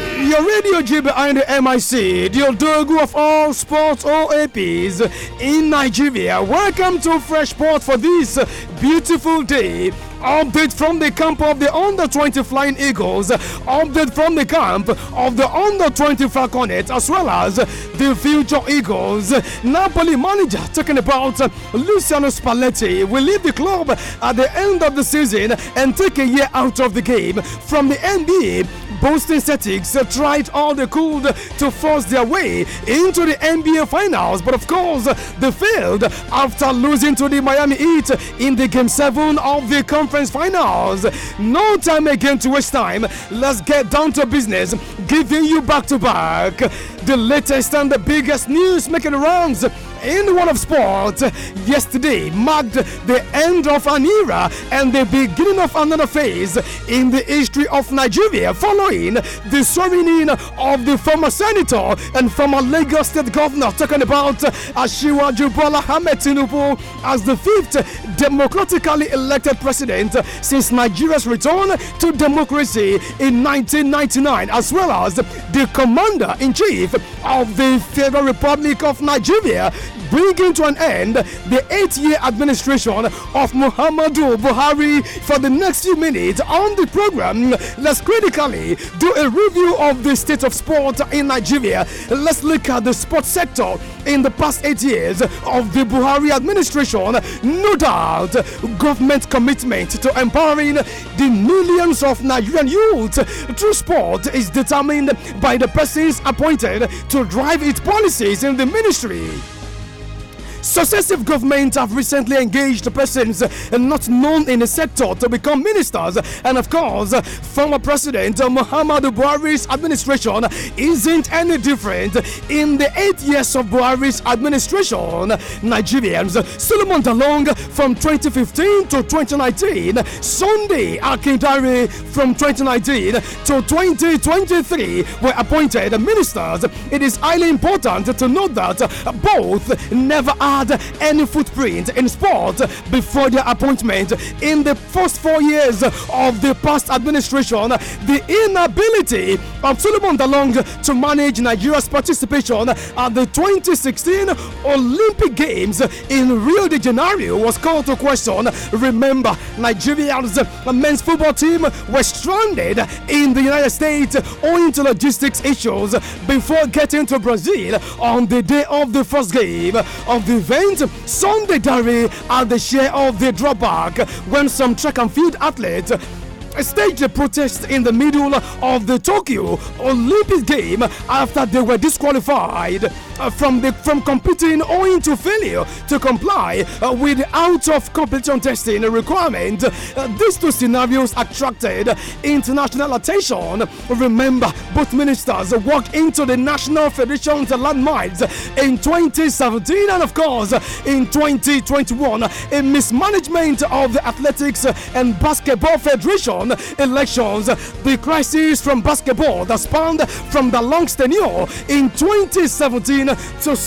Your radio G behind the MIC, the Odogu of all sports OAPs in Nigeria. Welcome to Fresh Sports for this beautiful day. Update from the camp of the under 20 Flying Eagles. Update from the camp of the under 20 Falconets as well as the Future Eagles. Napoli manager talking about Luciano Spalletti will leave the club at the end of the season and take a year out of the game. From the NBA, Boston Celtics uh, tried all they could to force their way into the NBA Finals, but of course, they failed after losing to the Miami Heat in the Game 7 of the Conference Finals. No time again to waste time. Let's get down to business, giving you back to back the latest and the biggest news making rounds in the world of sports, yesterday marked the end of an era and the beginning of another phase in the history of Nigeria following the swearing in of the former senator and former Lagos State governor, talking about Ashiwa Jubala Ahmed Tinubu as the fifth democratically elected president since Nigeria's return to democracy in 1999, as well as the commander in chief of the Federal Republic of Nigeria bringing to an end the eight year administration of Muhammadu Buhari for the next few minutes on the program. Let's critically do a review of the state of sport in Nigeria. Let's look at the sports sector in the past eight years of the Buhari administration. No doubt, government commitment to empowering the millions of Nigerian youth through sport is determined by the persons appointed to drive its policies in the ministry. Successive governments have recently engaged persons not known in the sector to become ministers, and of course, former President Muhammadu Buhari's administration isn't any different. In the eight years of Buhari's administration, Nigerians Solomon Dalong from 2015 to 2019, Sunday Akindari from 2019 to 2023 were appointed ministers. It is highly important to note that both never had any footprint in sport before their appointment. In the first four years of the past administration, the inability of Solomon Dalong to manage Nigeria's participation at the 2016 Olympic Games in Rio de Janeiro was called to question. Remember, Nigeria's men's football team were stranded in the United States owing to logistics issues before getting to Brazil on the day of the first game of the event, Sunday diary and the share of the drawback when some track and field athletes staged a protest in the middle of the Tokyo Olympic game after they were disqualified uh, from the from competing owing to failure to comply uh, with out of competition testing requirement. Uh, these two scenarios attracted international attention. Remember, both ministers walked into the National Federation's landmines in 2017 and of course in 2021 a mismanagement of the Athletics and Basketball Federation elections. The crisis from basketball that spanned from the long tenure in 2017 to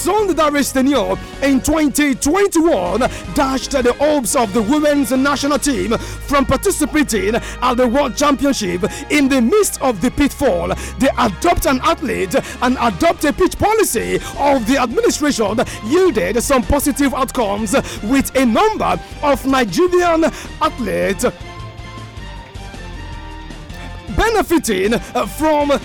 Sundare's tenure in 2021 dashed the hopes of the women's national team from participating at the World Championship in the midst of the pitfall. They adopt an athlete and adopt a pitch policy of the administration yielded some positive outcomes with a number of Nigerian athletes benefiting uh, from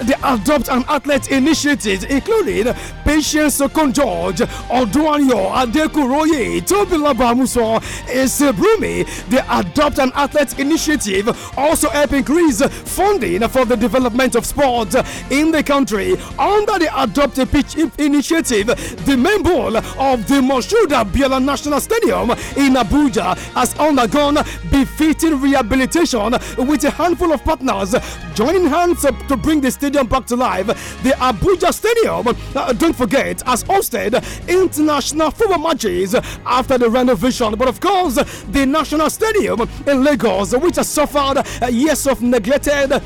the adopt an Athlete initiatives, including Patience George, Oduanyo Adekuroye, Tobilaba Muso, Sebrumi. the adopt an athlete initiative, also help increase funding for the development of sport in the country. Under the Adopt a Pitch initiative, the main ball of the Moshuda Biela National Stadium in Abuja has undergone befitting rehabilitation with a handful of partners joining hands to bring the stadium Stadium back to life. The Abuja Stadium, uh, don't forget, has hosted international football matches after the renovation. But of course, the National Stadium in Lagos, which has suffered years of neglected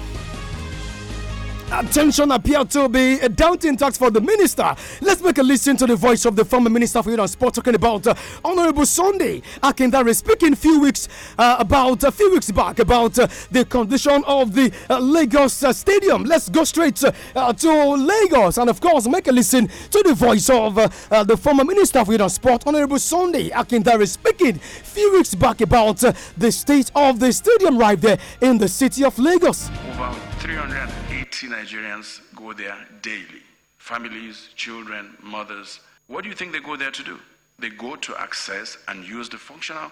attention appeared to be a daunting task for the minister. Let's make a listen to the voice of the former minister for youth and sport talking about uh, Honorable Sunday Akindare speaking few weeks uh, about a few weeks back about uh, the condition of the uh, Lagos uh, stadium. Let's go straight uh, to Lagos and of course make a listen to the voice of the former minister for youth and sport Honorable Sunday Akindare speaking few weeks back about the state of the stadium right there in the city of Lagos. Over 300 see Nigerians go there daily families, children, mothers. What do you think they go there to do? They go to access and use the functional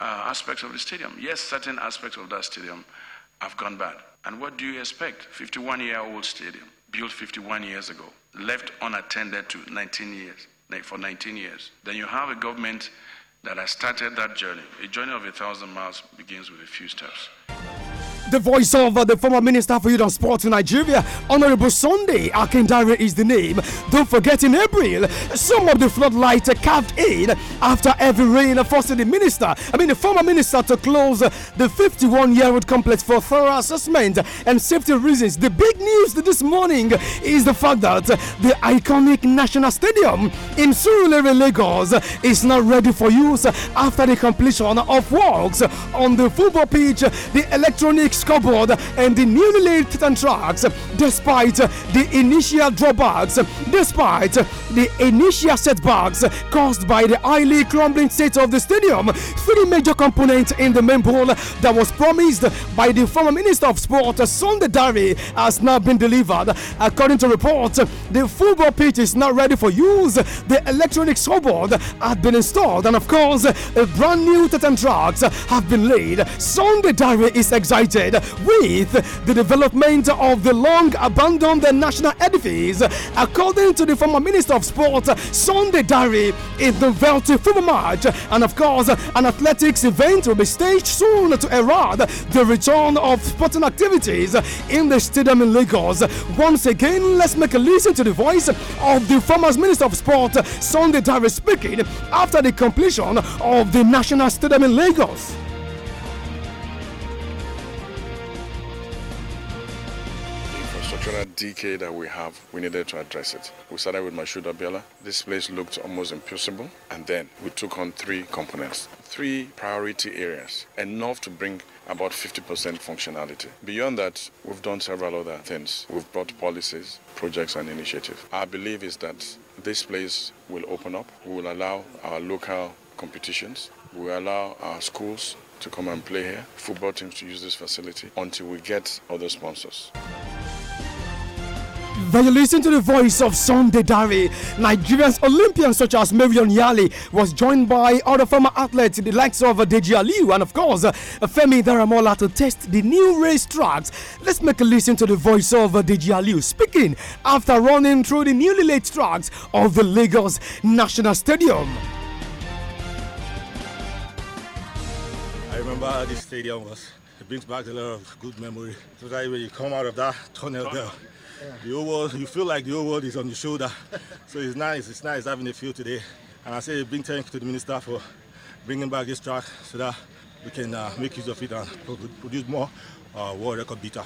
uh, aspects of the stadium. Yes, certain aspects of that stadium have gone bad. And what do you expect? 51 year old stadium, built 51 years ago, left unattended to 19 years, for 19 years. Then you have a government that has started that journey. A journey of a thousand miles begins with a few steps. The voice of uh, the former Minister for Youth and Sports in Nigeria, Honorable Sunday Akindare is the name. Don't forget in April, some of the floodlights uh, carved in after every rain forcing the minister, I mean the former minister, to close uh, the 51-year-old complex for thorough assessment and safety reasons. The big news this morning is the fact that the iconic National Stadium in Surulere, Lagos is now ready for use after the completion of works on the football pitch, the electronic scoreboard and the newly laid tracks despite the initial drawbacks, despite the initial setbacks caused by the highly crumbling state of the stadium. Three major components in the main pool that was promised by the former Minister of Sport, Sunday Dari, has now been delivered. According to reports, the football pitch is now ready for use. The electronic scoreboard had been installed, and of course, a brand new Titan tracks have been laid. Sunday Dari is excited associated with the development of the long abandoned national edifice, according to the former Minister of Sport, Sunday Diary, in the Velty Football March. And of course, an athletics event will be staged soon to herald the return of sporting activities in the stadium in Lagos. Once again, let's make a listen to the voice of the former Minister of Sport, Sunday Diary, speaking after the completion of the National Stadium in Lagos. cultural decay that we have, we needed to address it. We started with Mashuda Biela. This place looked almost impossible, and then we took on three components, three priority areas, enough to bring about 50% functionality. Beyond that, we've done several other things. We've brought policies, projects, and initiatives. Our belief is that this place will open up. We will allow our local competitions. We allow our schools to come and play here, football teams to use this facility until we get other sponsors. When you listen to the voice of Sunday Dari, Nigerian Olympians such as Marion Yali was joined by other former athletes, the likes of Deji Aliu and of course uh, Femi Daramola to test the new race tracks. Let's make a listen to the voice of Deji Aliu speaking after running through the newly laid tracks of the Lagos National Stadium. I remember this stadium was it brings back a lot of good memory. Today, when you come out of that tunnel there. The whole world, you feel like the whole world is on your shoulder. so it's nice, it's nice having a feel today. And I say a big thank you to the minister for bringing back this track so that we can uh, make use of it and produce more uh, world record beats.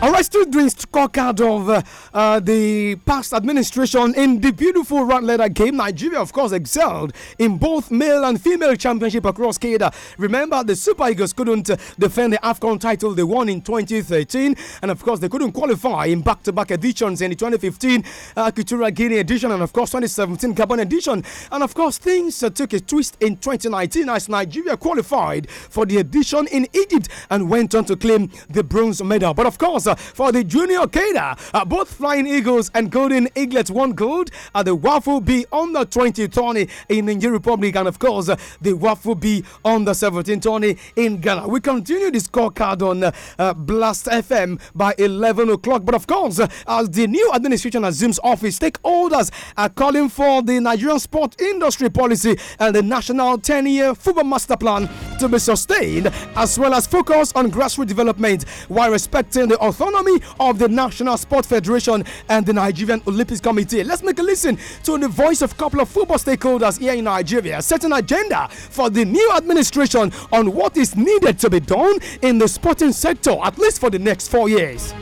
All right, still doing scorecard of uh, uh, the past administration in the beautiful round letter game. Nigeria, of course, excelled in both male and female championship across Canada. Remember, the Super Eagles couldn't uh, defend the AFCON title they won in 2013, and of course, they couldn't qualify in back to back editions in the 2015 uh, Guinea edition, and of course, 2017 Gabon edition. And of course, things uh, took a twist in 2019 as Nigeria qualified for the edition in Egypt and went on to claim the bronze medal. But of course, for the Junior Keda. Uh, both Flying Eagles and Golden Eaglets won gold at the Waffle B on the 20 tourney in the Nigeria Republic and of course the Waffle B on the 17 tourney in Ghana. We continue the scorecard on uh, Blast FM by 11 o'clock. But of course, uh, as the new administration assumes office, stakeholders are calling for the Nigerian sport industry policy and the national 10 year football master plan to be sustained, as well as focus on grassroots development while respecting the authority autonomy of the National Sport Federation and the Nigerian Olympics Committee. Let's make a listen to the voice of a couple of football stakeholders here in Nigeria, set an agenda for the new administration on what is needed to be done in the sporting sector, at least for the next four years.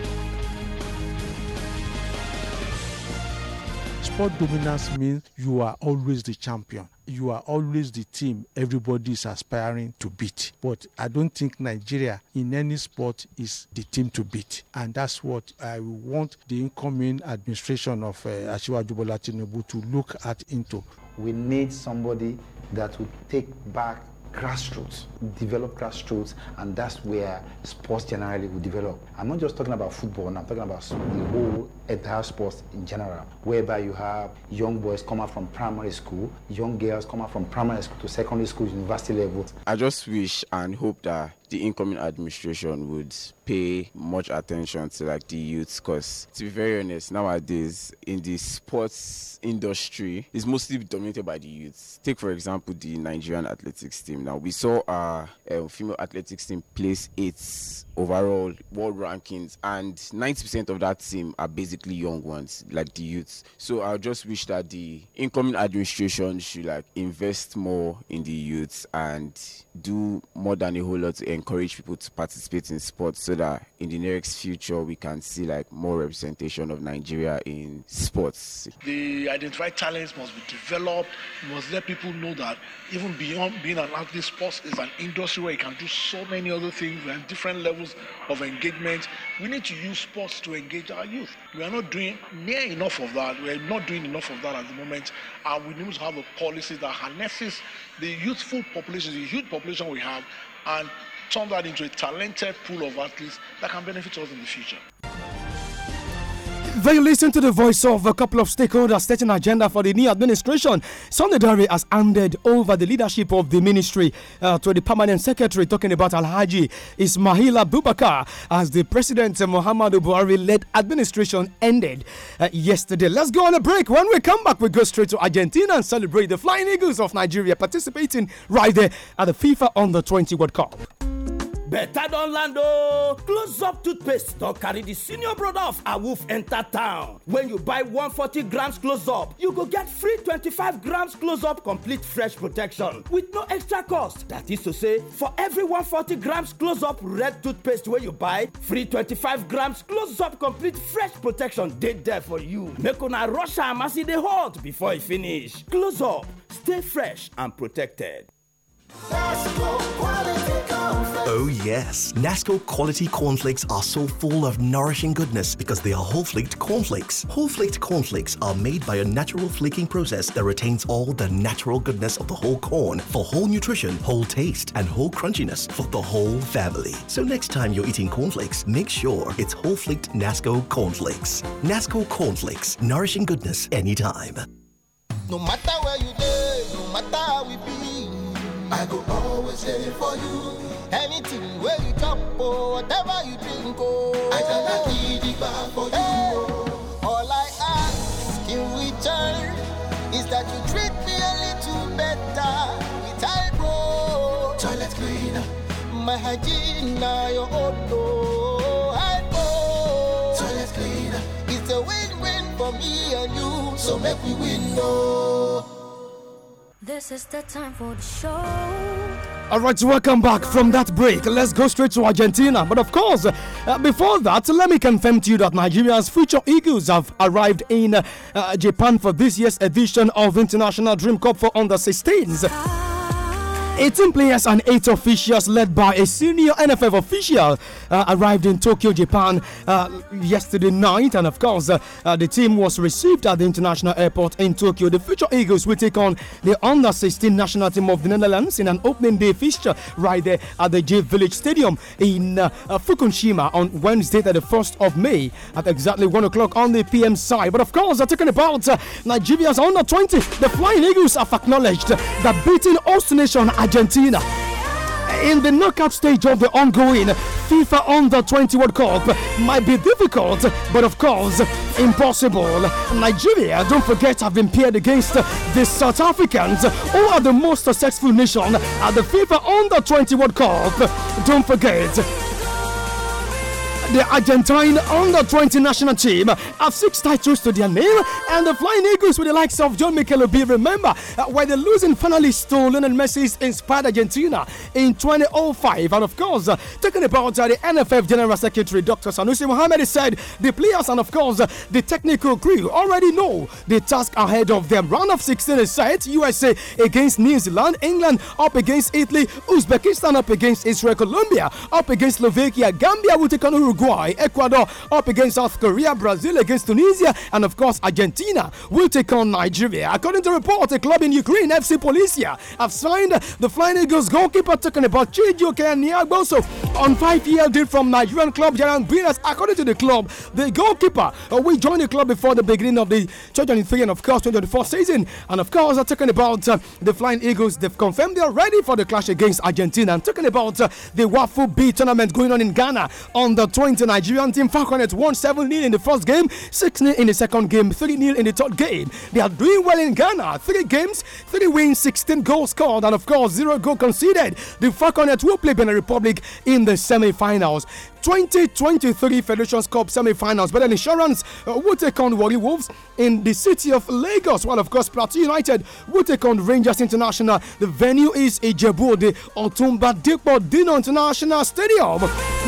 Sport dominance means you are always the champion. You are always the team everybody is aspiring to beat. But I don't think Nigeria in any sport is the team to beat. And that's what I want the incoming administration of uh, eh, Asiwaju Bola Tinubu to look at into. We need somebody that will take back grassroots, develop grassroots, and that's where sports generally will develop. I'm not just talking about football, I'm talking about the whole entire sports in general, whereby you have young boys come out from primary school, young girls come out from primary school to secondary school, university level. I just wish and hope that the incoming administration would pay much attention to like the youths, because to be very honest, nowadays in the sports industry is mostly dominated by the youths. Take, for example, the Nigerian athletics team. Now, we saw our uh, female athletics team place eighth overall world rankings and 90% of that team are basically young ones like the youths so i just wish that the incoming administration should like invest more in the youths and do more than a whole lot to encourage people to participate in sports so that in the next future we can see like more representation of nigeria in sports the identified talents must be developed we must let people know that even beyond being an athlete sports is an industry where you can do so many other things and different levels levels of engagement. We need to use sports to engage our youth. We are not doing near enough of that. We are not doing enough of that at the moment. And we need to have a policy that harnesses the youthful population, the youth population we have, and turn that into a talented pool of athletes that can benefit us in the future. They listen to the voice of a couple of stakeholders setting agenda for the new administration. Sunday Dari has handed over the leadership of the ministry uh, to the permanent secretary, talking about Alhaji Mahila Bubakar as the President Muhammadu Buhari led administration ended uh, yesterday. Let's go on a break. When we come back, we go straight to Argentina and celebrate the Flying Eagles of Nigeria participating right there at the FIFA Under 20 World Cup don't land oh! close up toothpaste don't carry the senior brother of awoof enter town when you buy 140 grams close up you go get free 25 grams close up complete fresh protection with no extra cost that is to say for every 140 grams close up red toothpaste where you buy free 25 grams close up complete fresh protection dead there for you make una rush am the e hot before e finish close up stay fresh and protected Oh, yes. Nasco quality cornflakes are so full of nourishing goodness because they are whole flaked cornflakes. Whole flaked cornflakes are made by a natural flaking process that retains all the natural goodness of the whole corn for whole nutrition, whole taste, and whole crunchiness for the whole family. So next time you're eating cornflakes, make sure it's whole flaked Nasco cornflakes. Nasco cornflakes, nourishing goodness anytime. No matter where you live, no matter how we be. I go always there for you. Anything where you chop or oh, whatever you drink, oh. I cannot give it back for hey. you. All I ask in return is that you treat me a little better with eyebrow. Toilet cleaner. My hygiene now your own door. Oh, eyebrow. Toilet cleaner. It's a win-win for me and you. So make we win, oh. This is the time for the show. All right, welcome back from that break. Let's go straight to Argentina. But of course, uh, before that, let me confirm to you that Nigeria's future Eagles have arrived in uh, Japan for this year's edition of International Dream Cup for under 16s. 18 players and 8 officials, led by a senior NFF official, uh, arrived in Tokyo, Japan uh, yesterday night. And of course, uh, uh, the team was received at the international airport in Tokyo. The future Eagles will take on the under 16 national team of the Netherlands in an opening day fixture uh, right there at the J Village Stadium in uh, Fukushima on Wednesday, the 1st of May, at exactly 1 o'clock on the PM side. But of course, they're talking about Nigeria's under 20. The Flying Eagles have acknowledged that beating host nation. Argentina in the knockout stage of the ongoing FIFA Under 20 World Cup might be difficult, but of course, impossible. Nigeria, don't forget, have been paired against the South Africans, who are the most successful nation at the FIFA Under 20 World Cup. Don't forget, the Argentine under 20 national team have six titles to their name, and the Flying Eagles, with the likes of John Mikel remember, uh, the losing finalists to Lionel Messi's inspired Argentina in 2005. And of course, uh, talking about uh, the NFF General Secretary, Dr. Sanusi Mohamed, said the players and, of course, uh, the technical crew already know the task ahead of them. Round of 16 is set USA against New Zealand, England up against Italy, Uzbekistan up against Israel, Colombia up against Slovakia, Gambia will take on Uruguay. Uruguay, Ecuador up against South Korea, Brazil against Tunisia, and of course Argentina will take on Nigeria. According to reports, a club in Ukraine, FC Policia, have signed the Flying Eagles goalkeeper talking about Chijioke Niagboso on five-year deal from Nigerian club Jaran Binas. According to the club, the goalkeeper uh, will join the club before the beginning of the 2023 and of course 2024 season. And of course, uh, talking about uh, the Flying Eagles, they've confirmed they're ready for the clash against Argentina. I'm talking about uh, the Wafu B tournament going on in Ghana on the 20 points the Nigerian team Falconet won 7 0 in the first game, 6 0 in the second game, 3 0 in the third game. They are doing well in Ghana. Three games, three wins, 16 goals scored, and of course, zero goal conceded. The Falconet will play Benin Republic in the semi finals. 2023 Federations Cup semi-finals. But then Insurance uh, will take on Warri Wolves in the city of Lagos. While of course Plateau United will take on Rangers International. The venue is Ijebu de Otumba Depot Dino International Stadium.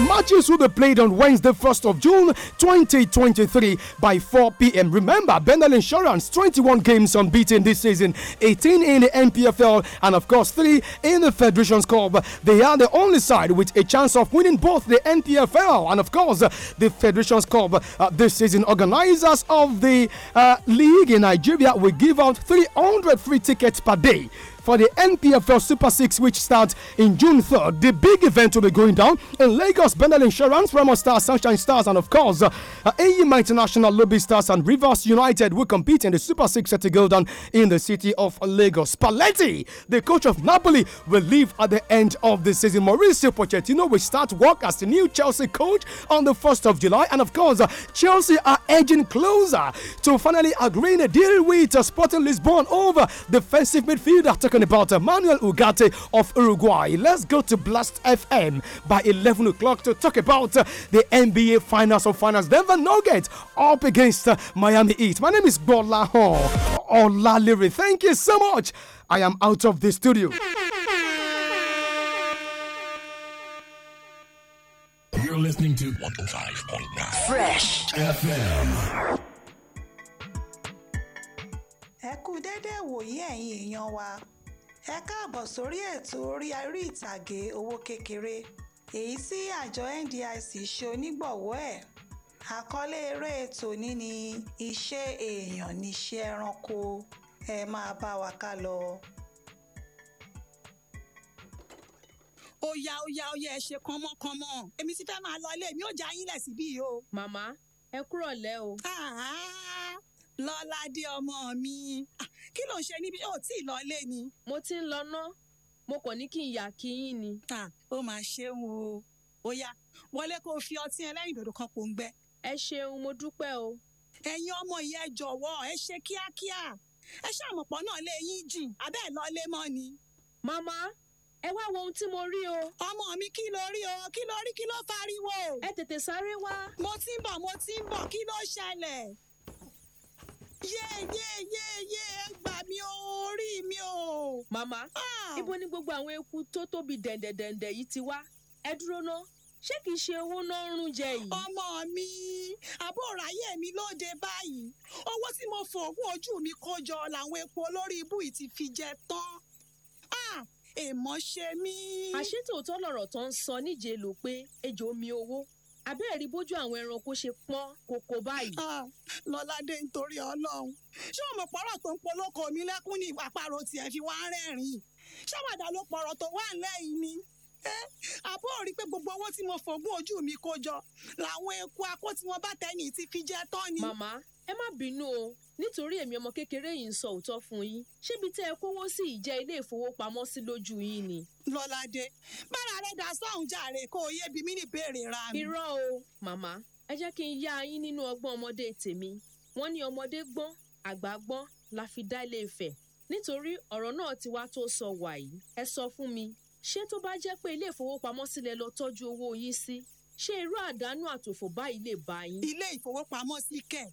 Matches will be played on Wednesday, 1st of June 2023 by 4 p.m. Remember, Bendel Insurance 21 games unbeaten this season, 18 in the NPFL, and of course 3 in the Federations Cup. They are the only side with a chance of winning both the NPFL and of course, uh, the Federations Cup uh, this season. Organizers of the uh, league in Nigeria will give out 300 free tickets per day for the NPFL Super 6, which starts in June 3rd. The big event will be going down in Lagos, Bendel Insurance, Ramo Stars, Sunshine Stars, and of course, uh, AEMA International, Lobby Stars, and Rivers United will compete in the Super 6 at Golden in the city of Lagos. Paletti, the coach of Napoli, will leave at the end of the season. Mauricio Pochettino will start work as the new Chelsea coach on the 1st of July, and of course, uh, Chelsea are edging closer to finally agreeing a deal with uh, Sporting Lisbon over defensive midfielder talking about Emmanuel Ugarte of Uruguay. Let's go to Blast FM by 11 o'clock to talk about the NBA Finals of Finals. Denver Nuggets up against Miami Heat. My name is Bola Ho Olaliri. Thank you so much. I am out of the studio. You're listening to 105.9 Fresh FM. ẹ kú wòye ẹ̀yin èèyàn wa ẹ káàbọ̀ sórí ètò orí orí ìtàgé owó kékeré èyí tí àjọ ndic ṣe onígbọ̀wọ́ ẹ̀ àkọlé eré ètò ní ni iṣẹ́ èèyàn níṣẹ́ ẹranko ẹ máa bá wa ká lọ. ó yá ó yá ó yá ẹ ṣe kánmọ́kánmọ́ èmi ti fẹ́ máa lọ ilé mi ò já yín lẹ̀ síbí yìí o. màmá ẹ kúrò lẹ́ o lọ́ládé ọmọ mi ah, kí ló ń ṣe níbi ó tí ì lọlé ni. mo ti ń lọ ná mo kàn ní kí n yà kí yín ni. ta ah, ó máa ṣeun o ó yá wọlé kó o fi ọtí ẹlẹ́rìndòdò kan pòǹgbẹ. ẹ ṣeun mo dúpẹ́ o. ẹ̀yin ọmọ ìyá ẹ jọ̀wọ́ ẹ ṣe kíákíá ẹ ṣàmọ̀pọ̀ náà lé yín jìn abẹ́ ẹ̀ lọ́lé mọ́ ni. màmá ẹ wá wo ohun tí mo rí o. ọmọ mi kí ló rí o kí ló rí kí ló fariwo. ẹ tètè sáré wá. mo ti ń bọ̀ mo ti ń bọ̀ kí ló ṣẹlẹ̀ yé yé yé yé gbà mí o orí mi o. màmá ah. ibo ni gbogbo àwọn eku tó tóbi dẹ̀ndẹ̀dẹ̀ndẹ̀ yìí ti wá ẹ dúró ná ṣé kìí ṣe owó náà ń rún jẹ yìí. ọmọ mi àbó ráyè mi lóde báyìí owó tí mo fòògùn ojú mi kó jọ làwọn epo olórí ibú yìí ti fi jẹ tán ah, èèmọ̀ ṣe mí. àṣé tòótọ́ lọ̀rọ̀ tó ń sọ níje lò pé ejò mi owó abẹ́ẹ̀ rí bójú àwọn ẹranko ṣe pọ́n kòkó báyìí. lọ́ládé nítorí ọlọ́run ṣé o mọ̀ tó ń polóko mi lẹ́kún ní àparò tiẹ̀ fi wá rẹ́rìn-ín ṣáwàdà ló pọ̀rọ̀ tó wà lẹ́yìn ni àbọ̀ rí pé gbogbo owó tí mo fògùn ojú mi kó jọ làwọn eku akó tí wọ́n bá tẹ̀yìn ti fi jẹ tán ni. màmá ẹ má bínú o nítorí èmi ọmọ kékeré yìí ń sọ òótọ́ fún yín ṣébi tẹ́ ẹ kówó sí ìjẹ́ ilé ìfowópamọ́sí lójú yín ni. lọ́ládé bára rẹ̀ dá sọ́hún jàre kó o yé bí mí ní ìbéèrè ra mi. irọ́ o màmá ẹ jẹ́ kí n yá yín nínú ọgbọ́n ọmọdé tèmi wọ́n ní ọmọdé gbọ́n àgbà gbọ́n la fi dá Ilé Ifẹ̀ nítorí ọ̀rọ̀ náà ti wá tó sọ wàyí ẹ sọ fún mi ṣé tó bá jẹ́ pé ilé ìfowópamọ́sí lẹ lọ tọ́jú owó yín sí ṣé irú àdánù àtòfò báyìí lè bá yín. ilé ìfowópamọ́sí kẹ̀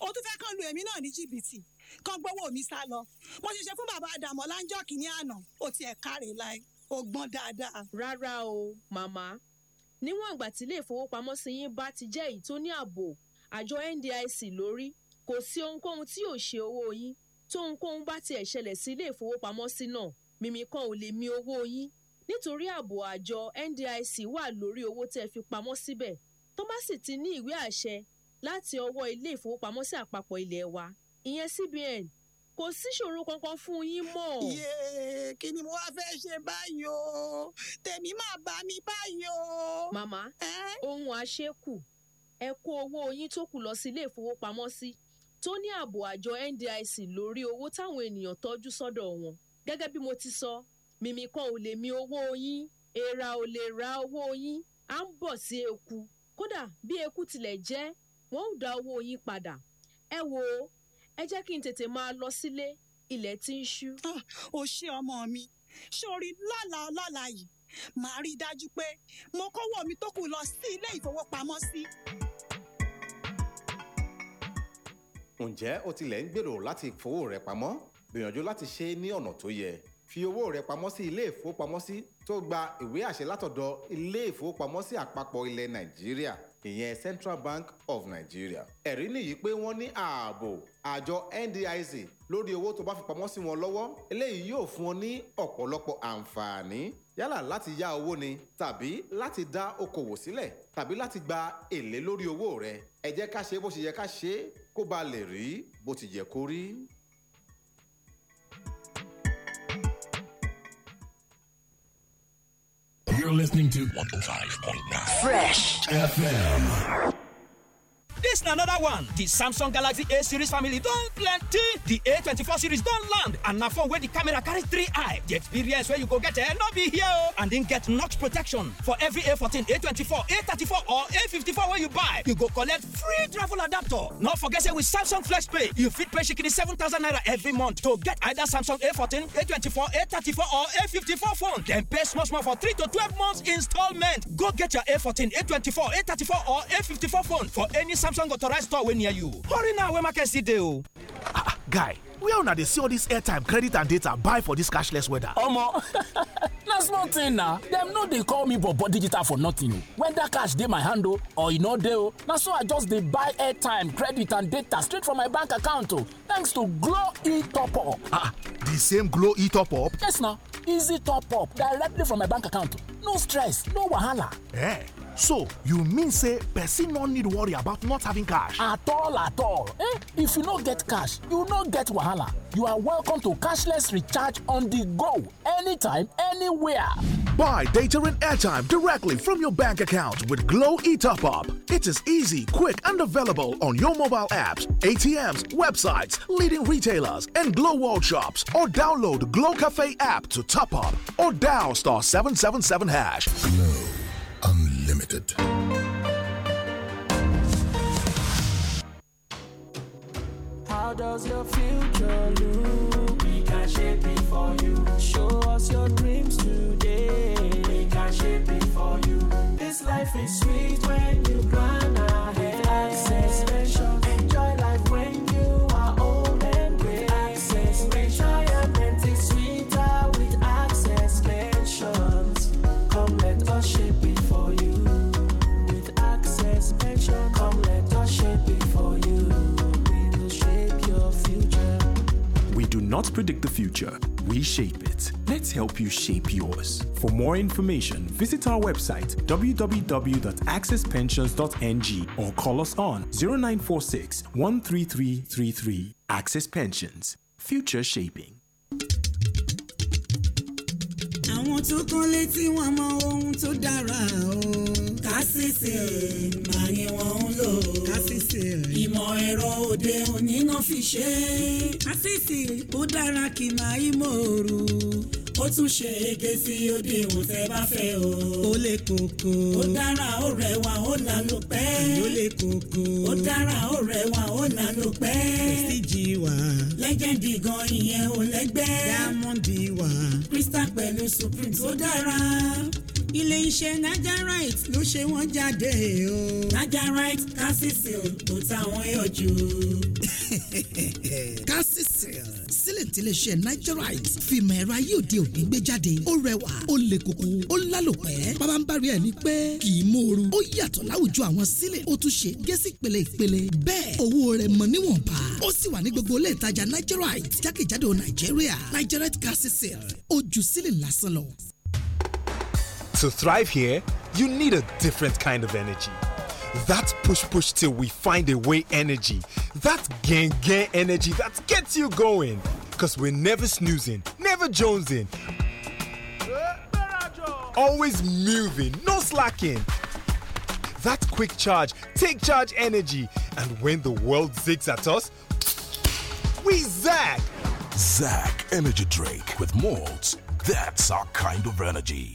ó tún fẹ́ kàn lu èmi náà ní jìbìtì kàn gbowó mi sá lọ mo ṣe fún bàbá àdàmọ́ láńjọ́ kìíní àná ó tiẹ̀ kárẹ̀ láì ó gbọ́n dáadáa. rárá o màmá níwọ̀n ìgbà tí ilé ìfowópamọ́sí yín bá ti jẹ́ èyí tó ní ààbò àjọ NDIC lórí kò sí ohunkóhun tí yóò ṣe owó yín tó ohunkóhun bá tiẹ̀ ṣẹlẹ̀ sí ilé ìfowópamọ́sí náà mímí kan ò lè mì owó yín nítorí ààbò àjọ NDIC wà lórí owó tẹ́ fi pamọ́ síbẹ̀ tó bá sì ti ní ìwé àṣẹ láti ọwọ́ ilé ìfowópamọ́sí àpapọ̀ ilé wa ìyẹn CBN kò síṣòro kankan fún yín mọ́. yéè kí ni mo wá fẹ́ ṣe báyìí o tèmi máa bá mi báyìí o. màmá ohun àṣekù ẹ kó owó yín tó kù lọ sí ilé ìfowópamọ́sí tó ní ààbò àjọ NDIC lórí owó táwọn ènìyàn tọ́jú sọ́dọ̀ wọn gẹ́gẹ́ bí mo ti sọ mímí kan ò lè mi owó yín èèrà ò lè ra owó yín à ń bọ̀ sí eku kódà bí eku tilẹ̀ jẹ́ wọn ò dá owó yín padà ẹ wo ẹ jẹ́ kí n tètè máa lọ sílé ilẹ̀ tí ń ṣú. ó ah, ṣe ọmọ mi sórí lọ́la lọ́la yìí màá rí i dájú pé mo kówó mi tó kù lọ sí ilé ìfowópamọ́sí. ǹjẹ́ o tilẹ̀ ń gbèrò láti fowó rẹ pamọ́ gbìyànjú láti ṣe é ní ọ̀nà tó yẹ fi owó rẹ pamọ́ sí ilé ìfowópamọ́sí tó gba ìwé àṣẹ látọ̀dọ̀ ilé ìfowópamọ́sí àpapọ̀ ilẹ̀ nàìjíríà ìyẹn Central Bank of Nigeria. ẹ̀rí nìyí pé wọ́n ní ààbò àjọ NDIC lórí owó tó bá fi pamọ́ sí wọn lọ́wọ́ eléyìí yóò fún ọ ní ọ̀pọ̀lọpọ̀ àǹfààní yálà láti yá owó ni tàbí láti dá okòwò sílẹ̀ tàbí láti gba èlé lórí owó rẹ ẹ jẹ́ ká ṣe bó ṣe yẹ ká ṣe kó ba lè rí bó ti yẹ kó rí. You're listening to 105.9 Fresh FM. This na anoda one The samsung galaxy a series family don plenty The a24 series don land and na phone wey di camera carry three eye di experience wey you go get eh no be here o oh. and e get knox protection for every a14 a24 a34 or a54 wey you buy you go collect free travel adapter no forget say with samsung flex pay you fit pay shikini 7000 naira every month to get either samsung a14 a24 a34 or a54 phone dem pay small small for 3 to 12 months installment go get your a14 a24 a34 or a54 phone for any samsung strong authorized store wey near you. Hurry now wey market still dey o. Ah, ah, guy where una dey see all dis airtime credit and data buy for this cashless weather. omo na small thing na dem no dey call me bobo digital for nothing o whether cash dey my hand o or e no dey o na so i just dey buy airtime credit and data straight from my bank account o thanks to glo e-top up. ah the same glo e-top up. yes na easy top up directly from my bank account no stress no wahala. Eh, so you mean say person no need worry about not having cash. at all at all eh if you no get cash you no get wahala. wahala, you are welcome to cashless recharge on the go, anytime, anywhere. Buy data and airtime directly from your bank account with Glow eTop Up. It is easy, quick, and available on your mobile apps, ATMs, websites, leading retailers, and Glow World shops. Or download Glow Cafe app to top up or dial star 777 hash. Glow Unlimited. does your future look? We can shape it for you. Show us your dreams today. We can shape it for you. This life is sweet when you plan ahead. predict the future, we shape it. Let's help you shape yours. For more information, visit our website www.accesspensions.ng or call us on 0946 13333. Access Pensions, future shaping. àwọn tó kán létí wọn mọ ohun tó dára o. kásìsì mà ni wọ́n ń lò. kásìsì ìmọ̀ ẹ̀rọ òde òní náà fi ṣe. kásìsì ó dára kì máa í mòrú ó tún ṣe ege sí odi ìwò tẹ́ bá fẹ́ o. ó le koko. ó dára ó rẹwà ó lànà pẹ́. ó le koko. ó dára ó rẹwà ó lànà pẹ́. prestige wà. lẹ́gẹ̀dì gan ìyẹn ò lẹ́gbẹ́. diamond wà. crystal pẹ̀lú supreme tó dára ilé iṣẹ́ Nigerite ló ṣe wọ́n jáde o. Nigerite calcium tó táwọn yọjú. calcium chocolate nigerite fìmọ̀ ẹ̀rọ ayé òde òní gbé jáde ó rẹwà ó le koko ó lálòpẹ́ bàbá ń bari ẹ̀ ní pé kì í mòoru ó yàtọ̀ láwùjọ àwọn sílẹ̀ ó tún ṣe gẹ́sì pèlè ìpèlè bẹ́ẹ̀ owó rẹ̀ mọ níwọ̀nba ó sì wà ní gbogbo ilé ìtajà nigerite jákèjádò nàìjíríà nigerite gas ojú sílẹ̀ lásán lọ. To thrive here, you need a different kind of energy. That push push till we find a way energy. That gang gang energy that gets you going. Cause we're never snoozing, never jonesing. Always moving, no slacking. That quick charge, take charge energy. And when the world zigs at us, we zag. Zag Energy Drake with malts. That's our kind of energy.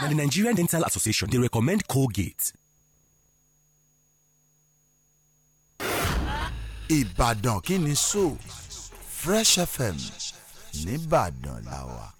Now, the Nigerian Dental Association, they recommend Colgate. Ìbàdàn kí ni so Fresh FM nìbàdàn làwà.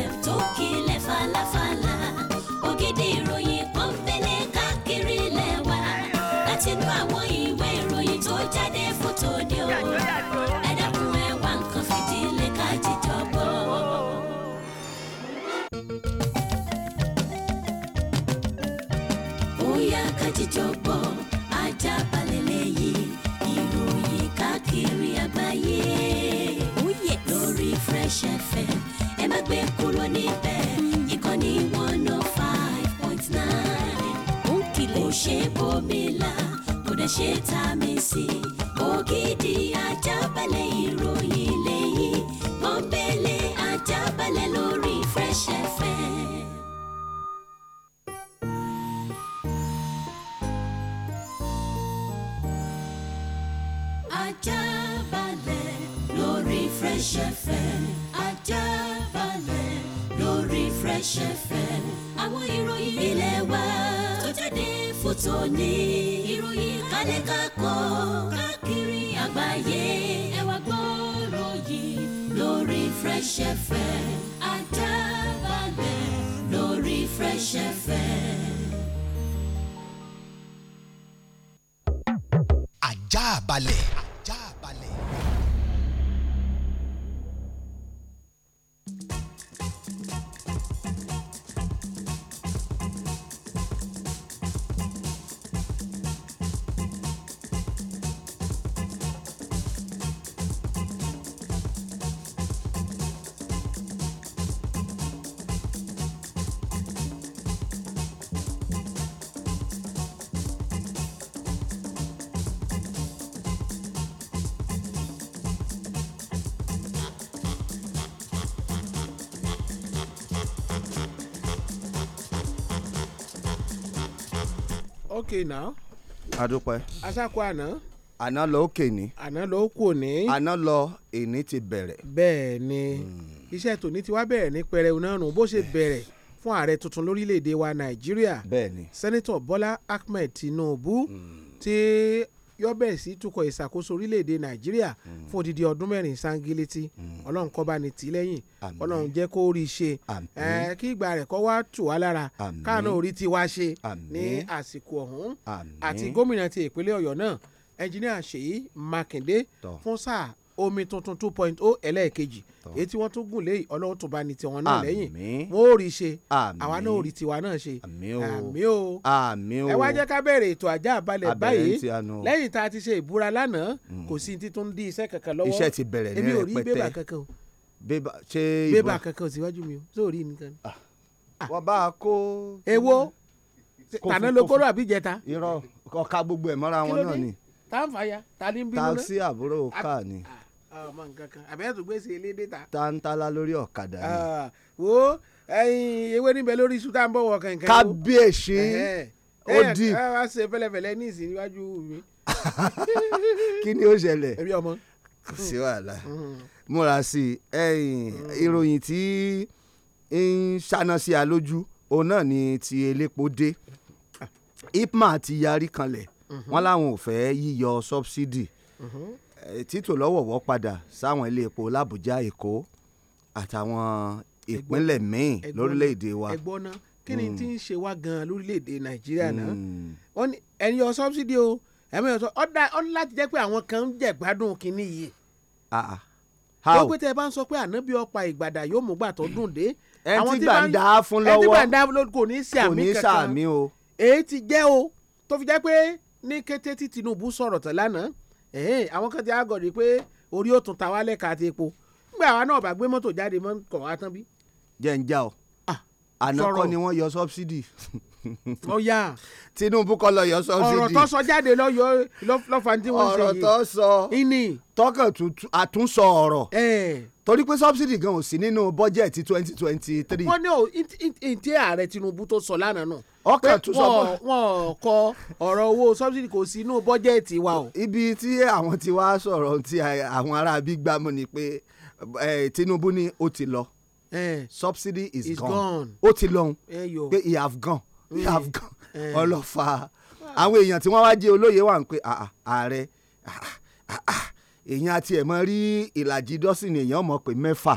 lókè náà. adúpẹ́. aṣáko àná. àná lọ òkè ni. àná lọ òkò ní. àná lọ èní ti bẹ̀rẹ̀. bẹ́ẹ̀ ni hmm. iṣẹ́ tòní ti wá bẹ̀rẹ̀ ní pẹrẹu náà nù bó ṣe bẹ̀rẹ̀ fún ààrẹ tuntun lórílẹ̀‐èdè wa nàìjíríà. bẹ́ẹ̀ ni. sẹ́nitọ̀ bọ́lá ahmed tinubu hmm. ti yọ bẹ̀rẹ̀ sí tukọ̀ ìṣàkóso orílẹ̀-èdè nàìjíríà mm. fún odidi ọdún mẹ́rin sangeleti mm. ọlọ́run kó bá ní tì í lẹ́yìn ọlọ́run jẹ́ kó rí i ṣe kí ìgbà rẹ̀ kó wá tù wá lára káàánú orí ti wá ṣe ní àsìkò ọ̀hún àti gómìnà ti ìpínlẹ̀ ọ̀yọ́ náà ẹnjiníà ṣèyí mákindé fún sáà omi tuntun two point oh ẹlẹ́ẹ̀kejì èyí tí wọ́n tún gùn léyìí ọlọ́run tó bá ní tiwọn náà lẹ́yìn wọ́n ò rí ṣe àwa náà ò rí tiwa náà ṣe àmì o àmì o ẹ wá jẹ́ ká bẹ̀rẹ̀ ètò àjà àbálẹ̀ báyìí lẹ́yìn tá a ti ṣe ìbúra lánàá hmm. kò sí títún dí iṣẹ́ kankan lọ́wọ́ iṣẹ́ ti bẹ̀rẹ̀ ní rẹpẹtẹ èmi ò rí bébà kankan o bébà kankan ò síwájú mi o sóòrí nìkan. Ah. Ah. wọ́n bá a kó. èwo tàná ló kóró àbí jẹta. irọ́ ọ̀ka gbogbo ẹ̀ mọ́ra wọn náà ni. tá n fàya ń bínú náà. ta àbúrò káà ni. Ah ọmọ ah, nǹkan kan àbẹ́yẹ̀tò gbèsè elédè ta. tántàlá lórí ọ̀kadà ni. Ah, wo ẹyin ewé níbẹ̀ lórí iṣu tá à ń bọ̀ wọ̀ kankan. kábíyèsí ó di. ẹ ah, wá ṣe fẹlẹfẹlẹ ní ìsìn níwájú mi. kí ni ó ṣẹlẹ̀. ẹbí ọmọ. kò sí wàhálà mm. múra sí i mm. ìròyìn tí ń ṣáná sí a lójú òun náà ni ti elépo dé IPMAN ti yarí kanlẹ̀ mm-hmm. wọ́n láwọn ò fẹ́ yíyọ sọ́bsidì. Mm-hmm títò lọ́wọ̀wọ́ padà sáwọn ilé epo làbújá èkó àtàwọn ìpínlẹ̀ míì lórílẹ̀‐èdè wa. ẹ̀gbọ́n náà kí ni hmm. tí ń ṣe wá gan-an lórílẹ̀‐èdè nàìjíríà náà hmm. wọ́n ní ẹ̀yin yọ sọ́bsidì o ẹ̀mí yọ sọ ọ́ láti jẹ́ pé àwọn kan ń jẹ̀ gbádùn kínní yìí. how ló pé tẹ bá ń sọ pé ànábì ọ̀pá ìgbàdà yóò mú gbà tó dùn dé. ẹ ti gbà ń dá fún lọ́wọ́ ẹ ti gbà ń dá fún lọ́wọ́ kò ní sàmì kankan èyí ti jẹ́ o tó fi jẹ́ pé ní kété tí Tinubu sọ̀rọ̀ tán lánàá àwọn kan ti àgọ̀ rí pé orí ó tún ta wá lẹ́ka àti epo nígbà àwa náà bá gbé mọ́tò jáde mọ́ kọ̀ wá tán bí. jẹ́ ń já o ah, àná kọ́ ni wọ́n yọ sọ́bsidì. ọ̀ya Tinubu kọ́ lọ yọ sọ́bsidì. ọ̀rọ̀ tó sọ jáde lọ́yọ̀ lọ́fàá tí wọ́n ṣe yìí. ọ̀rọ̀ tó sọ tọkàn àtúnṣọ ọ̀rọ̀ torí pé subsidy gan ò sí nínú bọ́jẹ̀tì twenty twenty three. wọ́n ní o ǹtí ààrẹ Tinubu tó sọ lánàá náà. ọkàn tún sọ pé wọn kọ ọ̀rọ̀ owó subsidy kò sí inú bọ́jẹ̀tì wa o. ibi tí àwọn ti wá sọ̀rọ̀ ti àwọn ará bí gbámú ni pé Tinubu ni ó ti lọ subsidy is, gone ó ti lọ pé he have gone he have gone ọlọ́fà àwọn èèyàn tí wọ́n wá jẹ́ olóyè wà ń pé ah, ah, ààrẹ ah, èèyàn àti ẹ̀ mọ rí ìlàjì dọ́sìn èèyàn mọ̀ pé mẹ́fà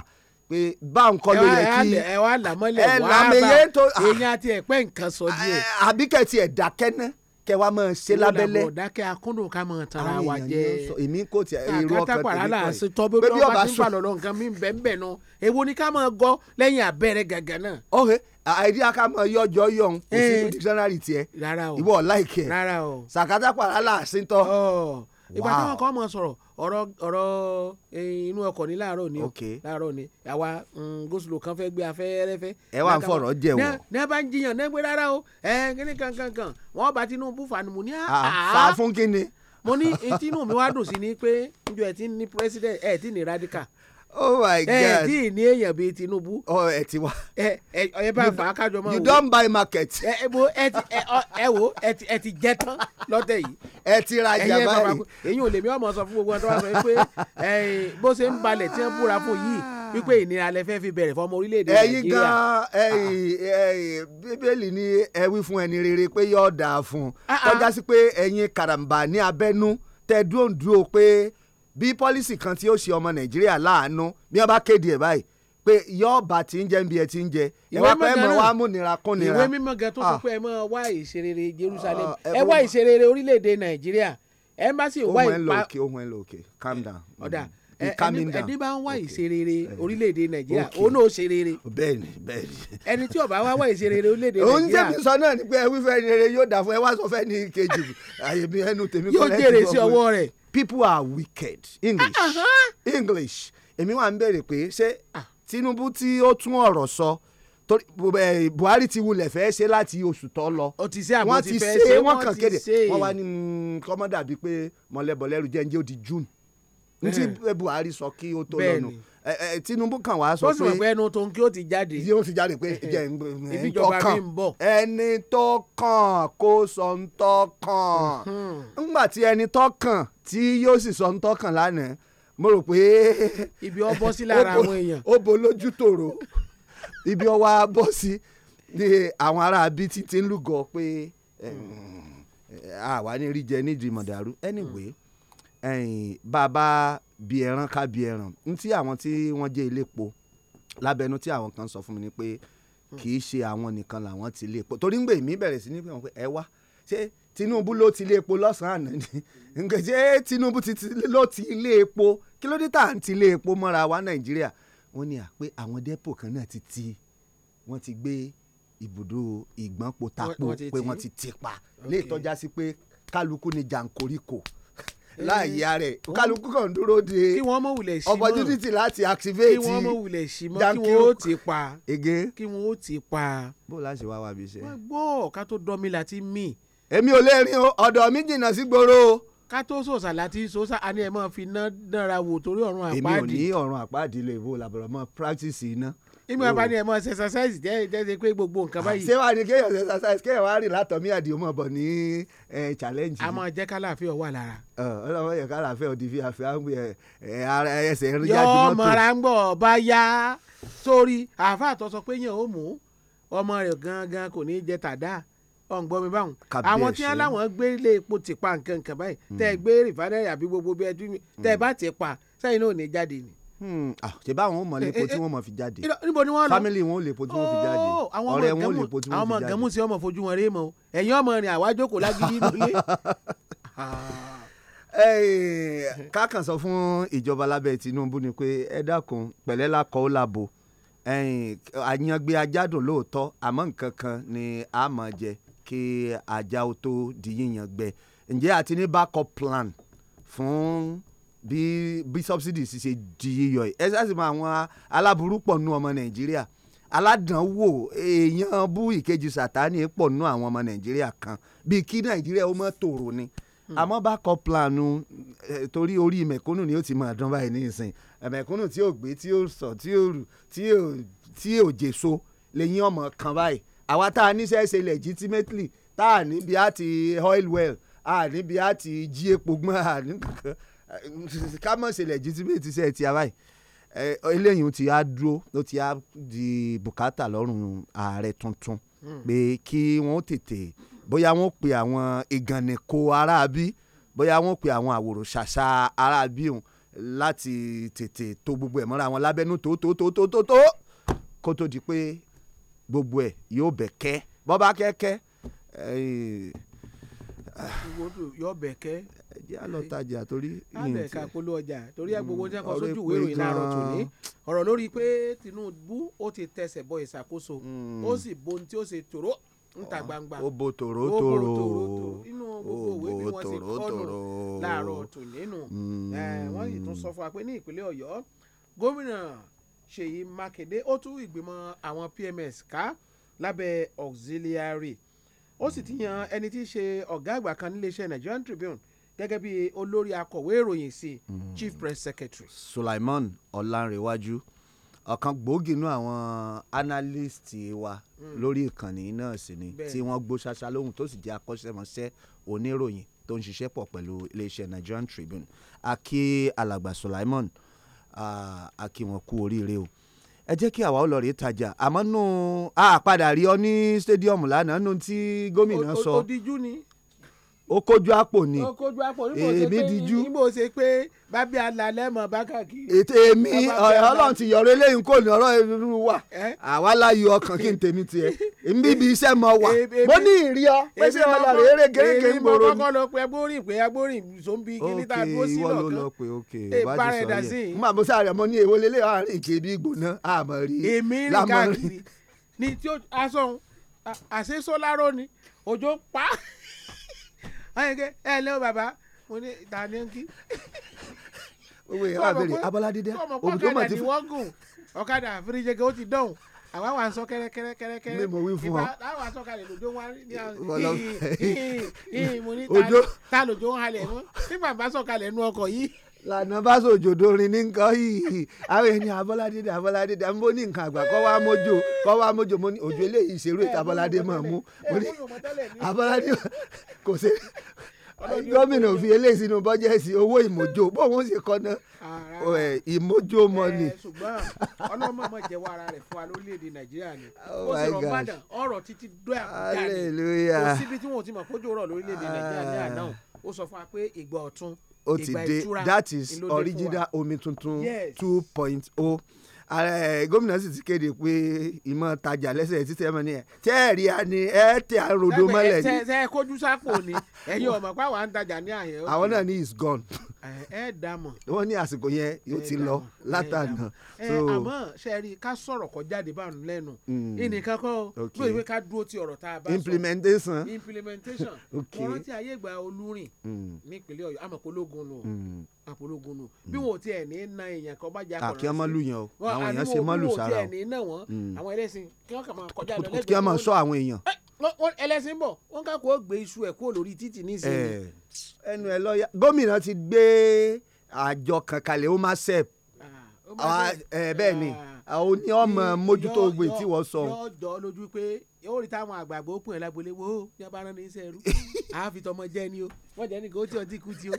pé bá nǹkan ló yẹ kí ẹ wá làmọ́lẹ̀ wá bá ah. èèyàn àti ẹ̀ pẹ́ nǹkan sọ díẹ̀. Eh, àbíkẹ́ ti ẹ̀ dákẹ́ náà kẹ wa máa ṣe lábẹ́lẹ̀. ìwọ dàkẹ́ akúndùn ká máa tara wa jẹ. èmi kò tí èrò ọkàn tèmi kọ yìí. tọ́bí bí wọ́n bá ti ń fa lọ́lọ́ nǹkan mi bẹ́ẹ̀ bẹ́ẹ̀ náà èwo ni ká máa gọ́ lẹ́yìn abẹ́rẹ́ gàgà náà. ọ̀hẹ́ àìrí aká máa yọjọ yọ̀hún kò sí eh. dictionary tiẹ̀ ìwọ láìkẹ́ sàkátà pàrọ̀ aláàṣìntọ́ ìgbà táwọn kan mọ̀ sọ̀rọ̀ ọ̀rọ̀ ọ̀rọ̀ eh, inú ọkọ̀ ní láàárọ̀ ni láàárọ̀ ni àwa mm, gosilo kan fẹ́ gbé afẹ́rẹ́fẹ́. ẹ wà ń fọ̀rọ̀ jẹ wọ. ní ẹ bá ń jiyàn ní ẹgbẹ́ rárá o ẹ kíní kankankan wọn bá Tinubu fanimu ní àá. Ah, ah, fa fún kíni. mo ní etí inú mi wá dùn sí ni pé njọ ẹ ti ní president ẹ ti ní radical oh my god ẹ tí ì ní èèyàn tinubu. ọ oh, ẹ ti wá. ẹ ẹ bá fà á kájọ máa you don buy market. ẹ ẹ wo ẹ ti ẹ wo ẹ ti jẹ tán lọ́tẹ̀ yìí. ẹ ti ra ìjà báyìí. èyí ò lè mi ọmọ sọ fún gbogbo ọtọ́ wa sọ pé bó ṣe ń balẹ̀ tí wọ́n búra fún yìí wípé ìnira lẹ fẹ́ fi bẹ̀rẹ̀ fọmọ orílẹ̀-èdè nàìjíríà. Ah, ah. ẹ̀yin gan ẹ̀yin bíbélì ni ẹ wí fún ẹni rere pé yóò dáa fún un. kọjá ah, sí pé ẹ̀yin karambà abẹ́nú tẹ dúndú pé bí pọ́lísì kan tí ó ṣe ọmọ nàìjíríà láàánú bí wọ́n bá kéde ẹ̀ báyìí pé yọ́ọ̀ bá ti ń jẹ́ ń bí ẹ ti ń jẹ ẹ wá pé mọ̀ wá mú nira kún nira. ìwé mímọ́ gan tó sọ ah. pé ẹ máa wá ìṣerere Jerusalem ah, ẹ wá ìṣerere orílẹ̀-èdè nàìjíríà embassy wá ìpa ohun ẹ̀ lòkè calm down. ọ̀dà ẹni bá ń wá ìṣerere orílẹ̀-èdè nàìjíríà òun náà ṣerere. bẹ́ẹ̀ni bẹ́ẹ̀ni. ẹni tí ó bá wá wá ìṣerere orílẹ̀-èdè nàìjíríà. òun tẹ̀mí sọ náà ni pé ẹ wífẹ́ rere yóò dà fún ẹ wá sọ fẹ́ ní kejì àyèmí ẹnu tèmi kọ́lẹ́ ti bọ̀ fún mi. yóò jèrè sí ọwọ́ rẹ̀ people are wicked english uh -huh. english èmi wà ń bèrè pé ṣé tinubu tí ó tún ọ̀rọ̀ sọ buhari ti wulẹ̀ fẹ́ ṣe láti oṣù tó lọ wọ́n ti ṣe wọ́n kàn kéde wọ́n wá ní mm, kọ́mọ́dà bíi pé mọ̀lẹ́bọ̀lẹ́rù jẹ́njẹ́ ó di june n ti buhari sọ kí ó tó lọ́nu tinubu kan wàá sọ pé bọ́sùn ìpẹ́ ẹnu tó ń kí ó ti jáde yóò ti jáde pé jẹ́ ń ẹni tó kàn kó sọ ń ńgbà tí ẹni tó kàn tí yóò sì sọ ń tọkàn lánàá mo rò pé. ibi ọ bọ́ sí lára àwọn èèyàn. ó bo lójú tòrò ibi ọ wá bọ́ sí ni àwọn ará bíi ti ń lúgọ pé àwa ní rí jẹ nídìí mọ̀dàrú anyway bàbá bí ẹran ká bí ẹran ntí àwọn tí wọ́n jẹ́ iléepo lábẹ́nu tí àwọn kan sọ fún mi ni pé hmm. kì í ṣe àwọn nìkan làwọn ti iléepo torí ń gbè mí bẹ̀rẹ̀ sí ní pé ẹ wá ṣé Tinubu ló ti ilé epo lọ́sàn-án ni mm. ǹkẹ́jẹ́ Tinubu ló ti ilé epo kí ló dé tà ń ti ilé epo mọ́ra wa Nàìjíríà wọ́n ní àpé àwọn dépò kan náà ti ti wọ́n ti gbé ibùdó ìgbọ́npo tapo pé wọ́n ti ti pa lè tọ́já sí pé kálukú ni jàǹkóríkò eh. láàyè rẹ̀ kálukú kàn dúró de opportunity láti activate jàǹkóríkò kí wọ́n ó ti pa kí wọ́n ó ti pa. bó o láṣẹ wá wá bí iṣẹ́. wọ́n gbọ́ ọ̀ká tó dọ́mi láti mí èmi ò lè rin o ọ̀dọ̀ mi jìnnà sí gbòòrò o. ká tó sòsà láti sòsà a ní ẹ máa fi iná dára wò torí ọ̀run àpáàdì. èmi ò ní ọ̀run àpáàdì lè wo làbọ̀rọ̀ mọ́ practice iná. ìmọ̀ ẹ̀fà ni ẹ̀ mọ̀ exercise jẹ́ jẹ́ pé gbogbo nǹkan ah, báyìí. ṣé wàá ní kéèyàn exercise kéèyàn wá rìn látọ̀ mí àdìo bọ̀ ní challenge. a máa jẹ́ kálàáfíà wà lára. ọlọ́wọ́ yẹ kálàáfíà òdì fi àfihàn ẹsẹ̀ ń rí àdìmọ́tò. yọ mọ̀ra ń gbọ̀ bá yá sórí àáfàá tó sọ pé yẹn ò mú ọmọ rẹ̀ gangan kò ní ọ̀ǹgbọ́n mi báwọn àwọn tí wọ́n láwọn gbé ilé epo ti pa nǹkan nǹkan báyìí hmm. tẹ́ ẹ gbé rìfánẹ́rì àbí gbogbo bí ẹdún mi tẹ́ ẹ bá ti pa sẹ́yìn náà ò ní jáde ni. Hmm. ṣe báwọn ò mọ lépo eh, eh, tí wọ́n eh, mọ̀ fi jáde family wọn ò lépo tí wọ́n fi jáde oh, ọ̀rẹ́ wọn ò lépo tí wọ́n fi jáde. àwọn ọmọ gẹ̀mú sí ọmọ fojú wọn rí mọ ẹ̀yin ọmọ rìn àwájókòó lágídí lólé kákan sọ fún ìjọba lábẹ́ Tinubu ni pé ẹ dákun pẹ̀lẹ́ lakọ ó labo àyàngbé ajádùn lóòótọ́ àmọ́ nǹkan kan ni a máa jẹ kí ajá ó tó di yíyan gbẹ ǹjẹ́ a ní backup plan fún bí bí subsidies. sì ṣe di yíyọ yìí ẹ sáà sì mọ àwọn aláburú pọ̀ nù ọmọ nàìjíríà aládàánwò èèyàn bú ìkejì sàtáni pọ̀ nù àwọn ọmọ nàìjíríà kan bíi kí nàìjíríà ó mọ̀ tòrò ni hmm. àmọ́ bá kọ eh, torí orí mẹ̀kúnnù ni ó ti máa dán báyìí nísìn mẹ̀kúnnù tí ò gbé tí ò sọ tí ò tí ò jèso lẹ́yìn ọmọ kan báyìí àwa tá a níṣẹ́ ṣe legitimately tá a níbi àti oil well a níbi àti jí epo gbọ́n a níbi eh, ká mọ̀ ṣe legitimate iṣẹ́ ti ara ẹ̀ eh, eléyìí ti á dúró ló ti á di bùkátà lọ́rùn ààrẹ tuntun hmm. pé kí wọ́n tètè bóyá wọ́n pe àwọn ìgànnìkó aráabí bóyá wọ́n pe àwọn àwòrán-ṣàṣà aráabí òun láti tètè tó gbogbo ẹ̀ mọ́ra wọn lábẹ́nú tó tó tó tó tó kó tó di pé gbogbo ẹ̀ yóò bẹ̀ kẹ́ bọ́ bá kẹ́kẹ́ yóò bẹ̀ kẹ́. jẹ́ àlọ́ tajà torí. àbẹ̀ ká polú ọjà torí ẹ gbogbo jẹ́ kó sójú ìwé ìròyìn láàárọ̀ tòní ọ̀rọ̀ lórí pé Tinubu ó ti tẹsẹ̀ bọ ìṣàkóso hmm. ó sì bo ohun tí ó ṣe tòró níta ah, gbangba ó bo tòrótòró inú gbogbo òwe bí wọ́n ṣe kọ́nù láàárọ̀ tòní nù wọ́n tún sọ fún wa pé ní ìpínlẹ̀ Ọ̀yọ́ gómìnà ṣèyí mákindé ó tú ìgbìmọ̀ àwọn pms ká lábẹ́ auxiliary ó sì ti yan ẹni tí í ṣe ọ̀gá àgbà kan níléeṣẹ́ nigerian tribune gẹ́gẹ́ bí olórí akọ̀wé ìròyìn sí hmm. chief press secretary. sulaiman ọlánrewájú ọ̀kan gbòógì nú àwọn analyst wa hmm. lórí ìkànnì náà sì ni tí wọ́n gbó ṣaṣa lóhùn tó sì jẹ́ akọ́ṣẹ́mọṣẹ́ oníròyìn tó ń ṣiṣẹ́ pọ̀ pẹ̀lú iléeṣẹ́ nigerian tribune akí alàgbà sulaiman a kí wọn kú oríire o ẹ jẹ́ kí àwa ó lọ rèé tajà àmọ́ nù àpàdà rí ọ ní stadium lánàá nù tí gómìnà sọ ó kójú àpò ni ó kójú àpò ni èmi dijú níbo ṣe pé bábí alalẹ́ mọ̀ bá kàkiri. ètò èmi ọlọ́run ti yọ̀rọ̀ eléyìí kò ní ọ̀rọ̀ ìlú wa àwa láyò ọkàn kí n tèmi tiẹ̀ nbí ibi iṣẹ́ mọ wà mo ní ìrí ọ pé ṣé ọlọ rẹ eré gèrègè ń bòrò ni. èmi mo kọ́kọ́ lọ pé agbórin pé agbórin zombi kìíní tá a dúró sí lọ́kàn. ok ìwọ ló lọ pé ok ìbá ti sọ yẹn mo àmọ́ sáré mo ní èwo lélẹ́ àárín ìkébi ìgbóná àmọ́ rí i lámọ́ rí pa ayíǹkẹ́ ẹ lẹ́ o bàbá mo ní ta ni ń kí. owó ìyá àbẹ̀rẹ̀ abọ́ládé dẹ́ òbí tó mọ̀ ti fún. ọ̀kadà fìrìjẹ́gẹ́ ó ti dọ̀hùn àwa wà ń sọ kẹ́rẹ́kẹ́rẹ́ kẹ́rẹ́kẹ́rẹ́ mímọ wí fún ọ àwa sọ kalẹ̀ lòjó wa ní àwọn ìhìn ìhìn mo ní ta lòjó ń halẹ̀ mọ́ tí bàbá sọ kalẹ̀ nu ọkọ̀ yìí lànà bá sòjòdò orin ní nǹkan yìí àwọn ènìyàn abọ́ládé dà abọ́ládé dà mbó ní nǹkan àgbà kọ́ wá mójó kọ́ wá mójó mo ní òjò eléyìí ìṣerú ètò abọ́ládé mọ̀ mú mo ní abọ́ládé kò ṣe gómìnà òfin eléyìí sínú bọ́jẹ́sì owó ìmójó bóun ṣe kọ́nà ìmójó mọ́ni. ṣùgbọ́n ọlọ́mọ mọ̀ jẹ́wọ́ ara rẹ̀ fún wa lórílẹ̀‐èdè nàìjíríà ni oh ó sì rọ̀ padà ó ti dé that is original omi tuntun two point o oh gómìnà sì ti kéde pé ìmọ̀ tajà lẹ́sẹ̀ títẹ̀ mọ́ ni ẹ̀ tẹ́ ẹ̀ rí a ni ẹ tẹ́ a rodo mọ́lẹ̀ ni. ṣe é kójú sápò ni ẹ̀yin ọ̀mọ̀ pa wà ń tajà ní àyẹ̀. àwọn náà ní is gone. ẹ dà mọ̀. wọ́n ní àsìkò yẹn yóò ti lọ látànà. ẹ àmọ́ ṣe ká sọ̀rọ̀ kọjáde bá ń lẹ́nu hmm. ìnìkan kọ́ ló ìwé ká dúró ti ọ̀rọ̀ tá a bá sọ. implementation. implementation. wọ́n rántí ayé ìgbà olúrin hmm. nípínlẹ̀ àpológun nù bí wọn ò tiẹ̀ ní na èèyàn kan bá jà kọ̀ọ̀rọ̀ kí wọ́n má lù yàn o àwọn èèyàn ṣe má lù sára o mm. àwọn ẹlẹ́sìn kí wọ́n kà máa kọjá lọ lẹ́gbẹ̀ẹ́ kí wọ́n máa sọ àwọn èèyàn. Eh, ẹlẹ́sìn bọ̀ wọ́n kà kó gbé iṣu ẹ̀ kúrò lórí títì nísìnyí. Eh, ẹnu ẹ lọ́ọ́yà gómìnà ti gbé àjọ kankalẹ̀ ó máa sẹ́ẹ̀ ah, ah, eh, bẹ́ẹ̀ ni ah. ó ní ọmọ mójútó ogun tí wọ́n sọ. yóò jọ lójú pé yóò rí táwọn àgbààgbà ó pín ẹ̀ lágbolé wo ní abáran ní sẹ́ẹ̀rù àáfi tọmọ jẹ́ ni o wọ́n jẹ́ nìkan ó tí ọtí kú tí o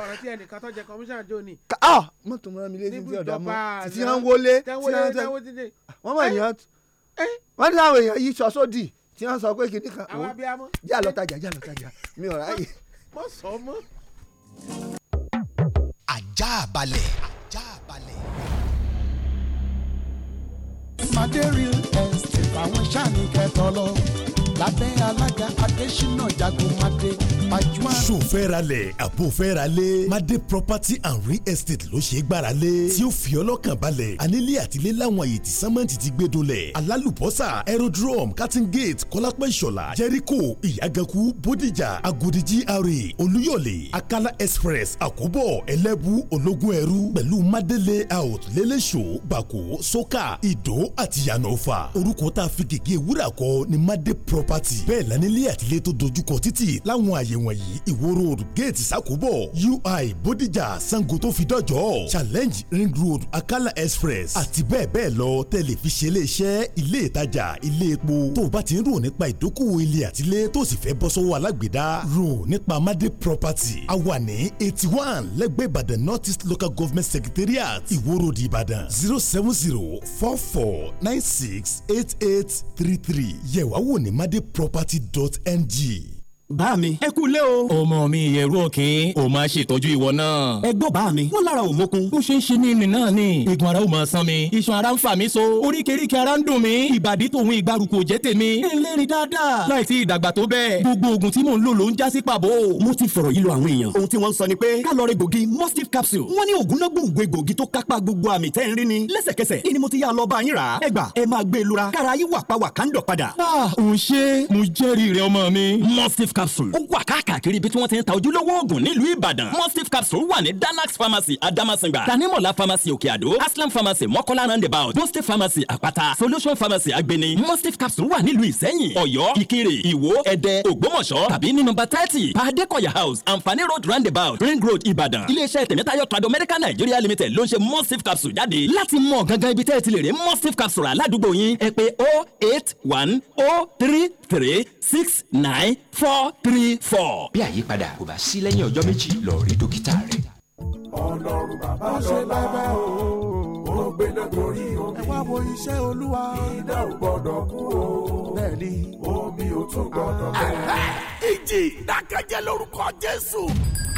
ọ̀rọ̀ tí ẹnìkan tó kọmíṣánná jò ní. ọ mọtò mọ mi létí tí ọdọ mọ tí wọn wọlé tí wọn tẹ wọn mọ èèyàn eh. wọn ní àwọn èèyàn yìí sọsọdì tí wọn sọ pé kìnnì kan òun jà lọtajà jà lọtajà mi ò ráyè. mọ sọ mọ. ajá balẹ̀. ajá balẹ̀. Màdé real estate àwọn sáà ní kẹtọ lọ lábẹ́ alága Adésínà jagun Màdé pajúmọ́. sofẹ́ralẹ̀ àbúfẹ́ralẹ̀ madé property and real estate ló ṣe é gbára lé tí ó fi ọlọ́kàn balẹ̀ anílé àtìlé láwọn àyè tí sámẹ́ǹtì ti gbé dolẹ̀ alálùbọ́sà aerodrome cutting gate kọ́lápẹ́ ìṣọ̀lá jẹ́ríkò ìyàgànkù bódìjà agodi gra olúyọ̀lé akala express àkóbọ̀ ẹlẹ́bù ológun ẹrú pẹ̀lú madé layout lẹ́lẹ́ṣọ́ bàkó sọ́kà ìdó àti yànnọ́fà orúkọ tá a fi gègé wúrà kọ ni madé property bẹ́ẹ̀ lánílé àtìlé tó dojúkọ títì láwọn àyè wọ̀nyí ìwó road gate sakobo ui Bodija Sangoto tó challenge ring road akala express àti bẹ́ẹ̀ bẹ́ẹ̀ lọ tẹlifíṣẹ́ iléeṣẹ́ ilé ìtajà ilé epo tó o bá ti ń rò nípa ìdókòwò ilé àtilẹ̀ tó sì fẹ́ bọ́ sọ́wọ́ alágbèédá rò nípa amadé property a ní eighty one lẹ́gbẹ̀ẹ́ ìbàdàn north east local government secretariat ìwó road ìbàdàn zero seven zero four four nine six eight eight three three yẹ̀wá wò ní ng bá mi ẹ kú lé o. ọmọ mi ìyẹ̀rú òkín o máa ṣètọ́jú ìwọ náà. ẹ gbọ́ bá mi wọ́n lára ò mókun. ó ṣe ń ṣe ní ìrìn náà ni igun ara ò máa san mi iṣan ara ń fà mí so oríkèéríkèé ara ń dùn mí ìbàdí tòun ìgbàrúkọ jẹ́ tèmi. ẹ ń lérí dáadáa. láìsí ìdàgbà tó bẹ́ẹ̀ gbogbo oògùn tí mò ń lò ló ń já sí pàbó. mo ti fọ̀rọ̀ yí lọ àwọn èèyàn ohun tí wọ́n ń sọ ni pé kálọ̀rì gbòógì mustif capsule wọ́n ní oògùn náà gbòǹgbò egbòogi tó kápá gbogbo àmì tẹ́ ń rí ni lẹ́sẹ̀kẹsẹ̀ ni mo ti yá lọ bá yín rà á ẹ gbà ẹ máa gbé e lura kára yín wà pa wà ká ń dọ̀ padà. ah òun ṣe mo jẹ́rìí rẹ ọmọ mi mustif capsule capsule ó wà káàkiri ibi tí wọ́n ti ń ta ojúlówó oògùn nílùú Ìbàdàn mustif capsule wà ní danax pharmacy Adamasingba tanimola pharmacy Òkè Àdó aslam pharmacy Mọ́kọ́lá roundabout mustif pharmacy Àpáta solution pharmacy Agbeni mustif capsule wà nílùú Ìsẹ́yìn Ọ̀yọ́ Ìkirè Ìwó Ẹdẹ Ògbómọ̀ṣọ́ tàbí ní nọ́mbà thirty pàdékọ̀yà house Àǹfààní road roundabout ring road Ìbàdàn iléeṣẹ́ tèmítayọ̀ trado medical Nigeria limited ló ń ṣe mustif capsule jáde láti mọ̀ gangan ibi tẹ́ ti lè rí mustif capsule aládùúgbò yín ẹ pé oh eight one oh three three six nine four three four. bí àyípadà kò bá sí lẹ́yìn ọjọ́ méjì lọ rí dókítà rẹ. ọlọ́run bàbá ṣe bàbá o ó gbé náà torí omi. ẹ wo iṣẹ́ olúwa. iná ò gbọ́dọ̀ kú o. bẹ́ẹ̀ omi ò tún gbọ́dọ̀ bẹ́ẹ̀ kejì ìdákẹ́jẹ́ lórúkọ jésù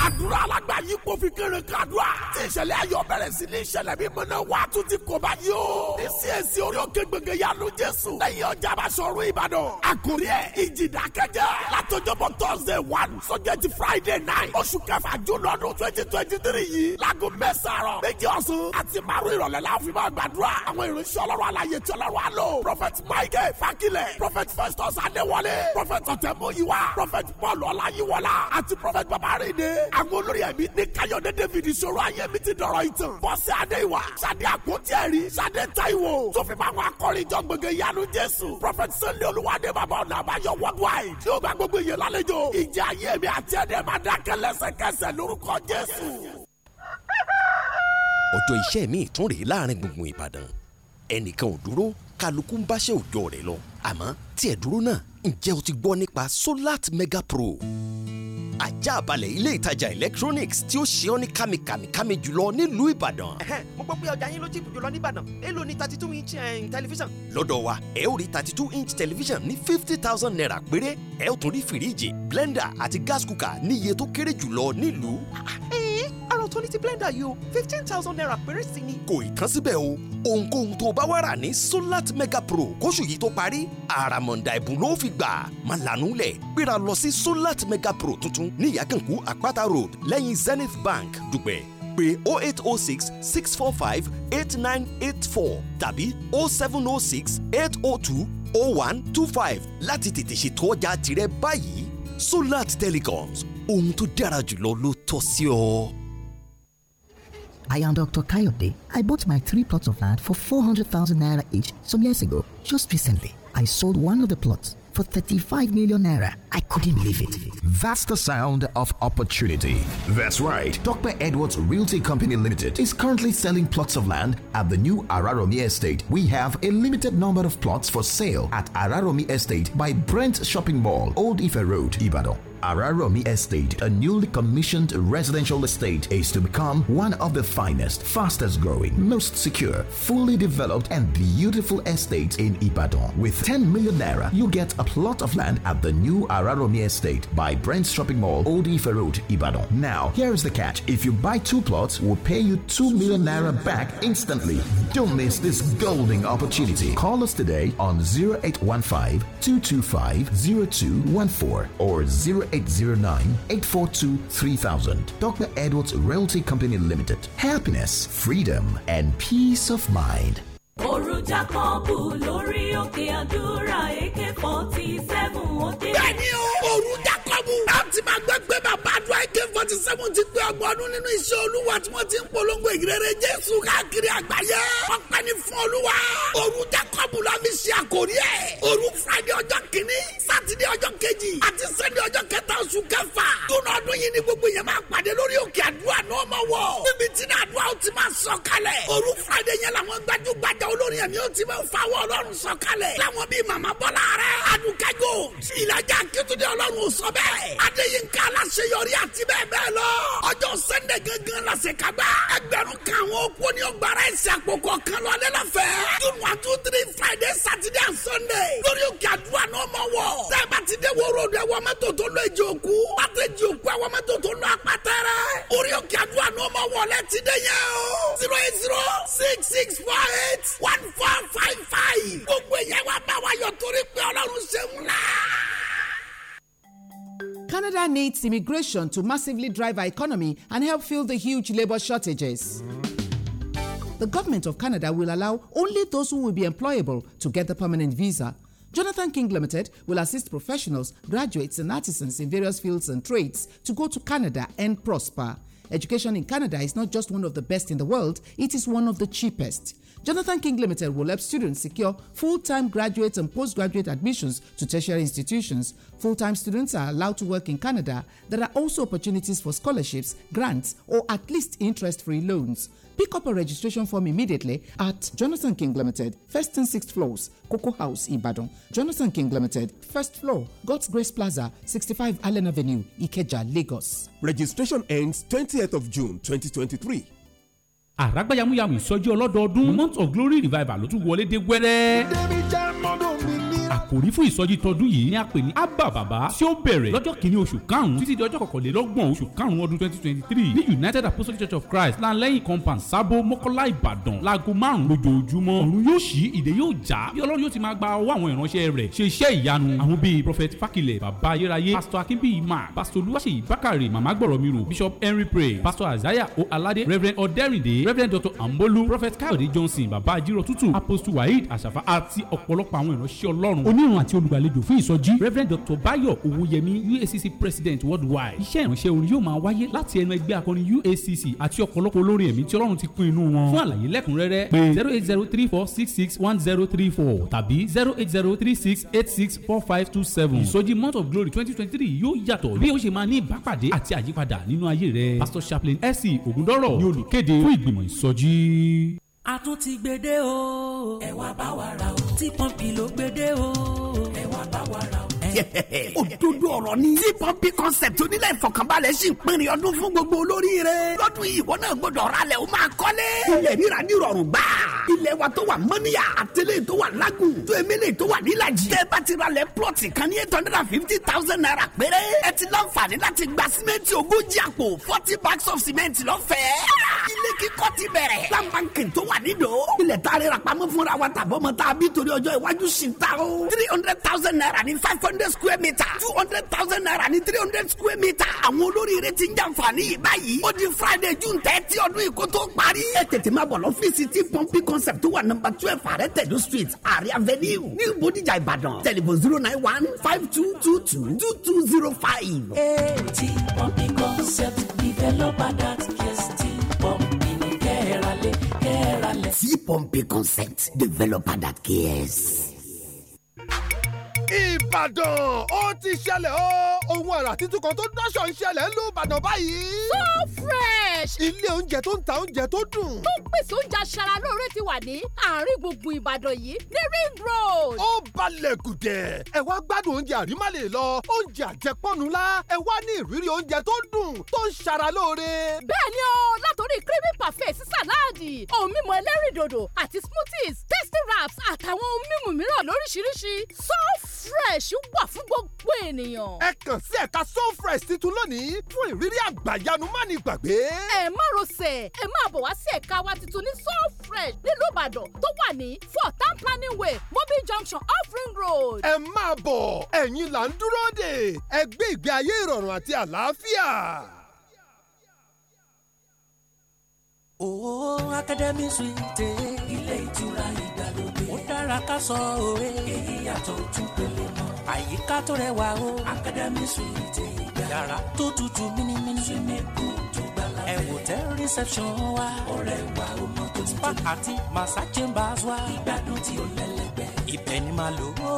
àdúrà alàgbà yìí kò fi kéré kàdúrà. tí ìṣẹ̀lẹ̀ ayọ̀ bẹ̀rẹ̀ sí ní ìṣẹ̀lẹ̀ bí mọ̀nà wà tún ti kò bá yí o. èsì èsì orí òkè gbèngè yanu jésù. lẹ́yìn ọjà àbáṣọrú ìbàdàn. àkórí ẹ̀ ìjìdákẹ́jẹ́. látọjọ́bọ̀ thursday one sọjẹ́ friday nine oṣù kẹfà júlọ ọdún twenty twenty three yìí. láago mẹ́sàn-án méje ọ̀sán àti márùn ìrọ̀lẹ́ la prophet michael fakilẹ̀ prophet prophet ọ̀tẹ̀mọ́yíwá prophet prophet paul ọláyíwọlá àti prophet babaríde àwọn olórí ẹ̀mí ní káyọ̀dé david ìṣòro ayé mi ti dọ̀rọ̀ ìtàn bọ́sẹ̀ adéwà sade àkótẹ́rì sade taiwo tó fi máa wọn akọrin ìjọ gbẹgẹ yanu jésù prophet sunday olúwadé bàbá ọ̀nà àbáyọ worldwide yóò bá gbogbo èèyàn lálejò ìjà ayé mi àti ẹ̀dẹ̀ máa dákẹ́ lẹ́sẹ̀kẹsẹ̀ lórúkọ jésù. ọjọ́ iṣẹ́ mi ìtún rèé láàrin gbùngbùn ìbàdàn ẹnìkan ò dúró kálukú ń báṣẹ́ òòjọ́ rẹ̀ lọ àmọ́ tí ẹ̀ dúró náà ǹjẹ́ o ti gbọ́ nípa Solat Mega Pro ajá balẹ̀ ilé ìtajà electronics tí ó ṣe ọ́ ní kàmìkàmìkàmì jùlọ nílùú Ìbàdàn. mo gbọ́ pé ọjà yín ló jìbù jùlọ nìbàdàn èló ni thirty two inch eh, television. lọ́dọ̀ wa ẹ ó rí thirty two inch television ní fifty thousand naira péré ẹ ó tún rí fìríìjì blender àti gas cooker ní iye tó kéré jùlọ nílùú. Eh, àrò tó ní ti blender yìí o fifteen thousand naira péré sí ni. kò ì tán síbẹ̀ o ohunkóhun tó bá wá rà ní solat mega pro kóṣù yìí tó parí àràmọ̀ǹdà ẹ̀bùn ló fi gbà má lànú lẹ̀ gbéra lọ sí solat mega pro tuntun ní ìyàkànkù àpáta road lẹ́yìn zenith bank dùgbẹ̀ pé 0806 645 8984 tàbí 0706 802 0125 láti tètè ṣètò ọjà tirẹ̀ báyìí solat telecoms ohun tó dára jùlọ ló tọ́ sí ọ. I am Dr. Kayode. I bought my three plots of land for 400,000 naira each some years ago. Just recently, I sold one of the plots for 35 million naira. I couldn't believe it. That's the sound of opportunity. That's right. Dr. Edwards Realty Company Limited is currently selling plots of land at the new Araromi Estate. We have a limited number of plots for sale at Araromi Estate by Brent Shopping Mall, Old Ife Road, Ibadan. Araromi Estate, a newly commissioned residential estate, is to become one of the finest, fastest growing, most secure, fully developed, and beautiful estates in Ibadan. With 10 million naira, you get a plot of land at the new Araromi Estate by Brents Shopping Mall, Old Ife Road, Ibadan. Now, here is the catch. If you buy two plots, we'll pay you 2 million naira back instantly. Don't miss this golden opportunity. Call us today on 0815 225 0214 or 0815 0809 842 3000. Dr. Edwards Realty Company Limited. Happiness, freedom, and peace of mind. òrùjà kan lórí òkè àdúrà láti máa gbẹ́ pé bàbá àdúrà ike forty seven ti pé ọgbọ̀n ọdún nínú iṣẹ́ olúwa tí wọ́n ti ń polongo ìrere jésù káàkiri àgbáyé ọpẹ́ ni fún olúwa òru jákọ́bù la fi ṣe àkórí ẹ̀ òru friday ọjọ́ kìíní sátidé ọjọ́ kejì àti sẹ́ndé ọjọ́ kẹta oṣù kẹfà dúnà ọdún yìí ni gbogbo èèyàn máa pàdé lórí òkè àdúrà náà mọ̀ wọ̀ níbi tí náà àdúrà ó ti máa sọ kalẹ̀ òru friday yẹn làwọn gbajúgbajà ti máa fa ọwọ́ ọlọ́run sọ kalẹ̀ làwọn bíi màmá bọ́lá rẹ̀ adùn kẹjọ ìlàjà kẹtùdé ọlọ́run ò sọ bẹ́ẹ̀ Adéyínká aláṣeyọrí àti bẹ́ẹ̀ bẹ́ẹ̀ lọ. ọjọ́ sẹ́ndẹ̀ gangan la ṣe ka gbá. ẹgbẹ̀rún kan àwọn okó ni ó gbára ẹsẹ̀ àpòkọ kan lọ alẹ́ lọ́fẹ̀. june one two friday saturday and sunday. lórí òkè àdúrà náà mọ̀ wọ̀. sẹ́ẹ̀bà ti dé wóró rẹ̀ wọ́n mẹ́tò tó lọ èjì òkú. pàtó èjì òkú àwọn mẹ́tò tó lọ àpáta rẹ̀. orí òkè àdúrà náà mọ̀ wọ̀ lẹ́ ti dé o. zero eight zero six six four eight one Canada needs immigration to massively drive our economy and help fill the huge labor shortages. The government of Canada will allow only those who will be employable to get the permanent visa. Jonathan King Limited will assist professionals, graduates, and artisans in various fields and trades to go to Canada and prosper. Education in Canada is not just one of the best in the world, it is one of the cheapest. Jonathan King Limited will help students secure full time graduate and postgraduate admissions to tertiary institutions. Full time students are allowed to work in Canada. There are also opportunities for scholarships, grants, or at least interest free loans. Pick up a registration form immediately at Jonathan King Limited, first and sixth floors, Coco House, Ibadan. Jonathan King Limited, first floor, God's Grace Plaza, 65 Allen Avenue, Ikeja, Lagos. Registration ends 20th of June 2023. àràgbá yamuyamu ìsọjí ọlọ́dọọdún month of glory revival ló tún wọlé dé gbẹ́rẹ́. débi jẹ́ mọ́dún àkòrí fún ìsọjí tọdún yìí ni a pè ní abba baba tí ó bẹ̀rẹ̀ lọ́jọ́ kìíní oṣù karùn-ún títí di ọjọ́ kọkànlélọ́gbọ̀n oṣù karùn-ún ọdún twenty twenty three ní united apostolic church of christ lanlẹ́yìn compound sábó mọ́kọ́lá ìbàdàn láago márùn-ún lójoojúmọ́ ọ̀run yóò ṣí ìdè yóò já bí ọlọ́run yóò ti máa gba ọwọ́ àwọn ìránṣẹ́ rẹ̀ ṣe iṣẹ́ ìyanu àwọn bíi prophet fakilẹ̀ bàbá ayérayé pastor akínbíyì Ma, pastor olúwaṣèyí bákàrè màmá gbọ̀rọ̀mìrò bishop henry pray pastor azaya o alade reverend ọ̀dẹ́rìndé reverend dr ambolu prophet káyọ̀dé johnson bàbá ajírọ̀tútù apostle waheed Asafa, àti ọ̀pọ̀lọpọ̀ àwọn ìránṣẹ́ ọlọ́run onírun àti olùgbàlejò fún ìsọjí reverend dr bayo owóyẹmí uacc president worldwide iṣẹ́ ìránṣẹ́ orin yóò máa wáyé láti ẹnu ẹgbẹ́ akọrin uacc àti ọ̀pọ̀lọpọ̀ olórin ẹ̀mí tí ọlọ́run ti kún inú wọn fún àlàyé lẹ́kùnrẹ́rẹ́ pé zero eight zero three four six six one zero three four tàbí zero eight zero three six eight six four five two seven ìsọjí month of glory twenty twenty three yóò yàtọ̀ bí ó ṣe máa ní ìbápàdé àti àyípadà nínú ayé rẹ pastor chaplain s e ogundoro ni olùkéde fún ìgbìmọ̀ ìsọjí a tún ti gbede o. ẹ wá bá wa ra o. tí pọ́ǹpì ló gbede o. ẹ wá bá wa ra o yẹ̀yẹ̀. òdodo ọ̀rọ̀ ni. tí pọ́ńpì concept onílẹ̀ ìfọ̀kànbalẹ̀ sì ń pinrin ọdún fún gbogbo olórí rẹ̀. lọ́dún ìwọ náà gbọ́dọ̀ ra lẹ̀ o máa kọ́lé. ilẹ̀ ríra ní rọrùn gbà. ilẹ̀ wa tó wà mọ́níyà àtẹlẹ́ tó wà lágùn tó emele tó wà nílàjì. tẹ́ bá ti ra lẹ̀ plọ̀tì kan ní eight hundred and fifty thousand naira péré. ẹ ti láǹfààní láti gba símẹ́ǹtì ogójì àpò forty hundred square meter two hundred thousand naira ní three hundred square meter àwọn olóríire ti ń jàǹfààní yìí báyìí ó di friday june thirty ọdún yìí kó tó parí. ẹ tètè máa bọ̀ lọ́fíìsì tí pọ́ńpì concept tó wà nọ́mbà twelve àrẹ tẹ̀dó street àrẹ avenue ní bòdìjà ìbàdàn tẹlifon zero nine one five two two two two two zero five. ti pọ́ńpì concept developer that case ti pọ́ńpì ní kẹ́ẹ̀rẹ́lẹ̀ kẹ́ẹ̀rẹ́lẹ̀. ti pọ́ńpì concept developer that cares ìbàdàn ó ti ṣẹlẹ̀ ó ohun àrà tuntun kan tó dáṣọ ń ṣẹlẹ̀ ń lu ìbàdàn báyìí. so fresh. ilé oúnjẹ tó ń ta oúnjẹ tó dùn. tó pèsè oúnjẹ aṣara lóore ti wà ní àárín gbùngbùn ìbàdàn yìí ní ring road. ó balẹ̀ gùdẹ̀ ẹ wá gbádùn oúnjẹ àrímálè lọ oúnjẹ àjẹpọ́nu la ẹ wá ní ìrírí oúnjẹ tó dùn tó ń ṣara lóore. bẹ́ẹ̀ ni o látòrí creamy parfait sí sàláàdì ohun mímu ẹlẹ́rìndòdò àti smoothies tasty wraps àtàwọn ohun mímu mìíràn lóríṣiríṣi so fresh fresh wà fún gbogbo ènìyàn. ẹ kàn sí ẹ̀ka so fresh titun lónìí fún ìrírí àgbàyanu má ní gbàgbé. ẹ má rọsẹ̀ ẹ máa bọ̀ wá sí ẹ̀ka wa titun ní so fresh nílùú ìbàdàn tó wà ní four town planning way mobil junction offering road. ẹ máa bọ̀ ẹ̀yin là ń dúró dè ẹ gbé ìgbé ayé ìrọ̀rùn àti àlàáfíà. Oh, Academy Suite. Ilé ìtura yìí dára ká sọ òwe. èyí yàtọ̀ ojú pele mọ́. àyíká tó rẹwà o. akademi suwite ìgbà. yàrá tó tutù mímímí. swimming pool tó gbala bẹ́ẹ̀. ẹ wò tẹ reception wa. ọ̀rẹ́ wa o mọ tó ti tó. spa àti massage chambers wa. ìgbádùn tí o lẹ́lẹ́gbẹ́ ibẹ̀ ni màá lò ó.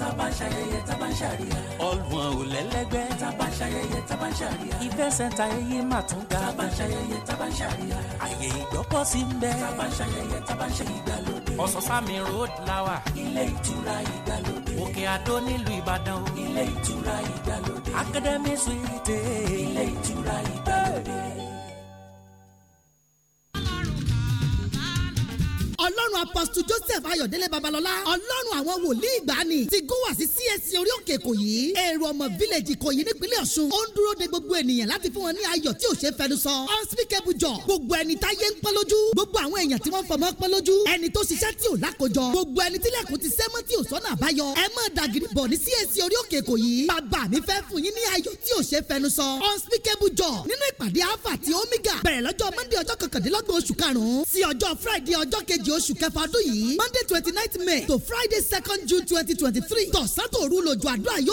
tábà ń ṣayẹyẹ tábà ń ṣàríyá. ọlùwọ̀n ò lẹ́lẹ́gbẹ́. tábà ń ṣayẹyẹ tábà ń ṣàríyá. ìfẹ́ sẹ́ńtà ẹyẹ máa tún ga. tábà ń ṣayẹyẹ tábà ń ṣàríyá. àyè ìgbọ́kọ̀ sí ń bẹ. tábà ń ṣayẹyẹ tábà ń ṣe ìgbàlódé. ọ̀sánsámi road lawa. ilé ìtura ìgbàlódé. òkè àdó nílùú ìbàdàn ilé ìtura ìgbàlódé. academy suite. ilé ìtura ìgbàlódé ọlọ́run apọ́sítù joseph ayọ̀délé babalọ́lá ọlọ́run àwọn wòlíì ìgbàanì ti gúnwà sí csc orí òkè ìkòyí èrò ọmọ village ìkòyí nípínlẹ̀ ọ̀ṣun ó ń dúró de gbogbo ènìyàn láti fún wọn ní ayọ̀ tí ò ṣe fẹnu sọ unspeakable joy gbogbo ẹni táyé ń pọ́n lójú gbogbo àwọn èèyàn tí wọ́n fọmọ́ pọ́n lójú ẹni tó ṣiṣẹ́ tí ò lákojọ gbogbo ẹni tílẹ̀kùn ti sẹ́mọ́ tí ò sọ́nà àbáyọ ẹ mọ̀ dàgìrì bọ̀ ní csc orí òkè ìkòyí bàbá mi fẹ́ fún yín ní ayọ̀ tí ò ṣe fẹnu sọ unspeakable joy nínú ìpàdé alpha àti omega bẹ̀rẹ̀ lọ́jọ́ monday ọjọ́ kọkàndínlọ́gbọ̀n oṣù karùn-ún sí ọjọ́ friday ọjọ́ kejì kejì oṣù kẹfà ọdún yìí monday twenty nine may to friday second june twenty twenty three tọ̀sán-tòru lòjò àdúrà yóò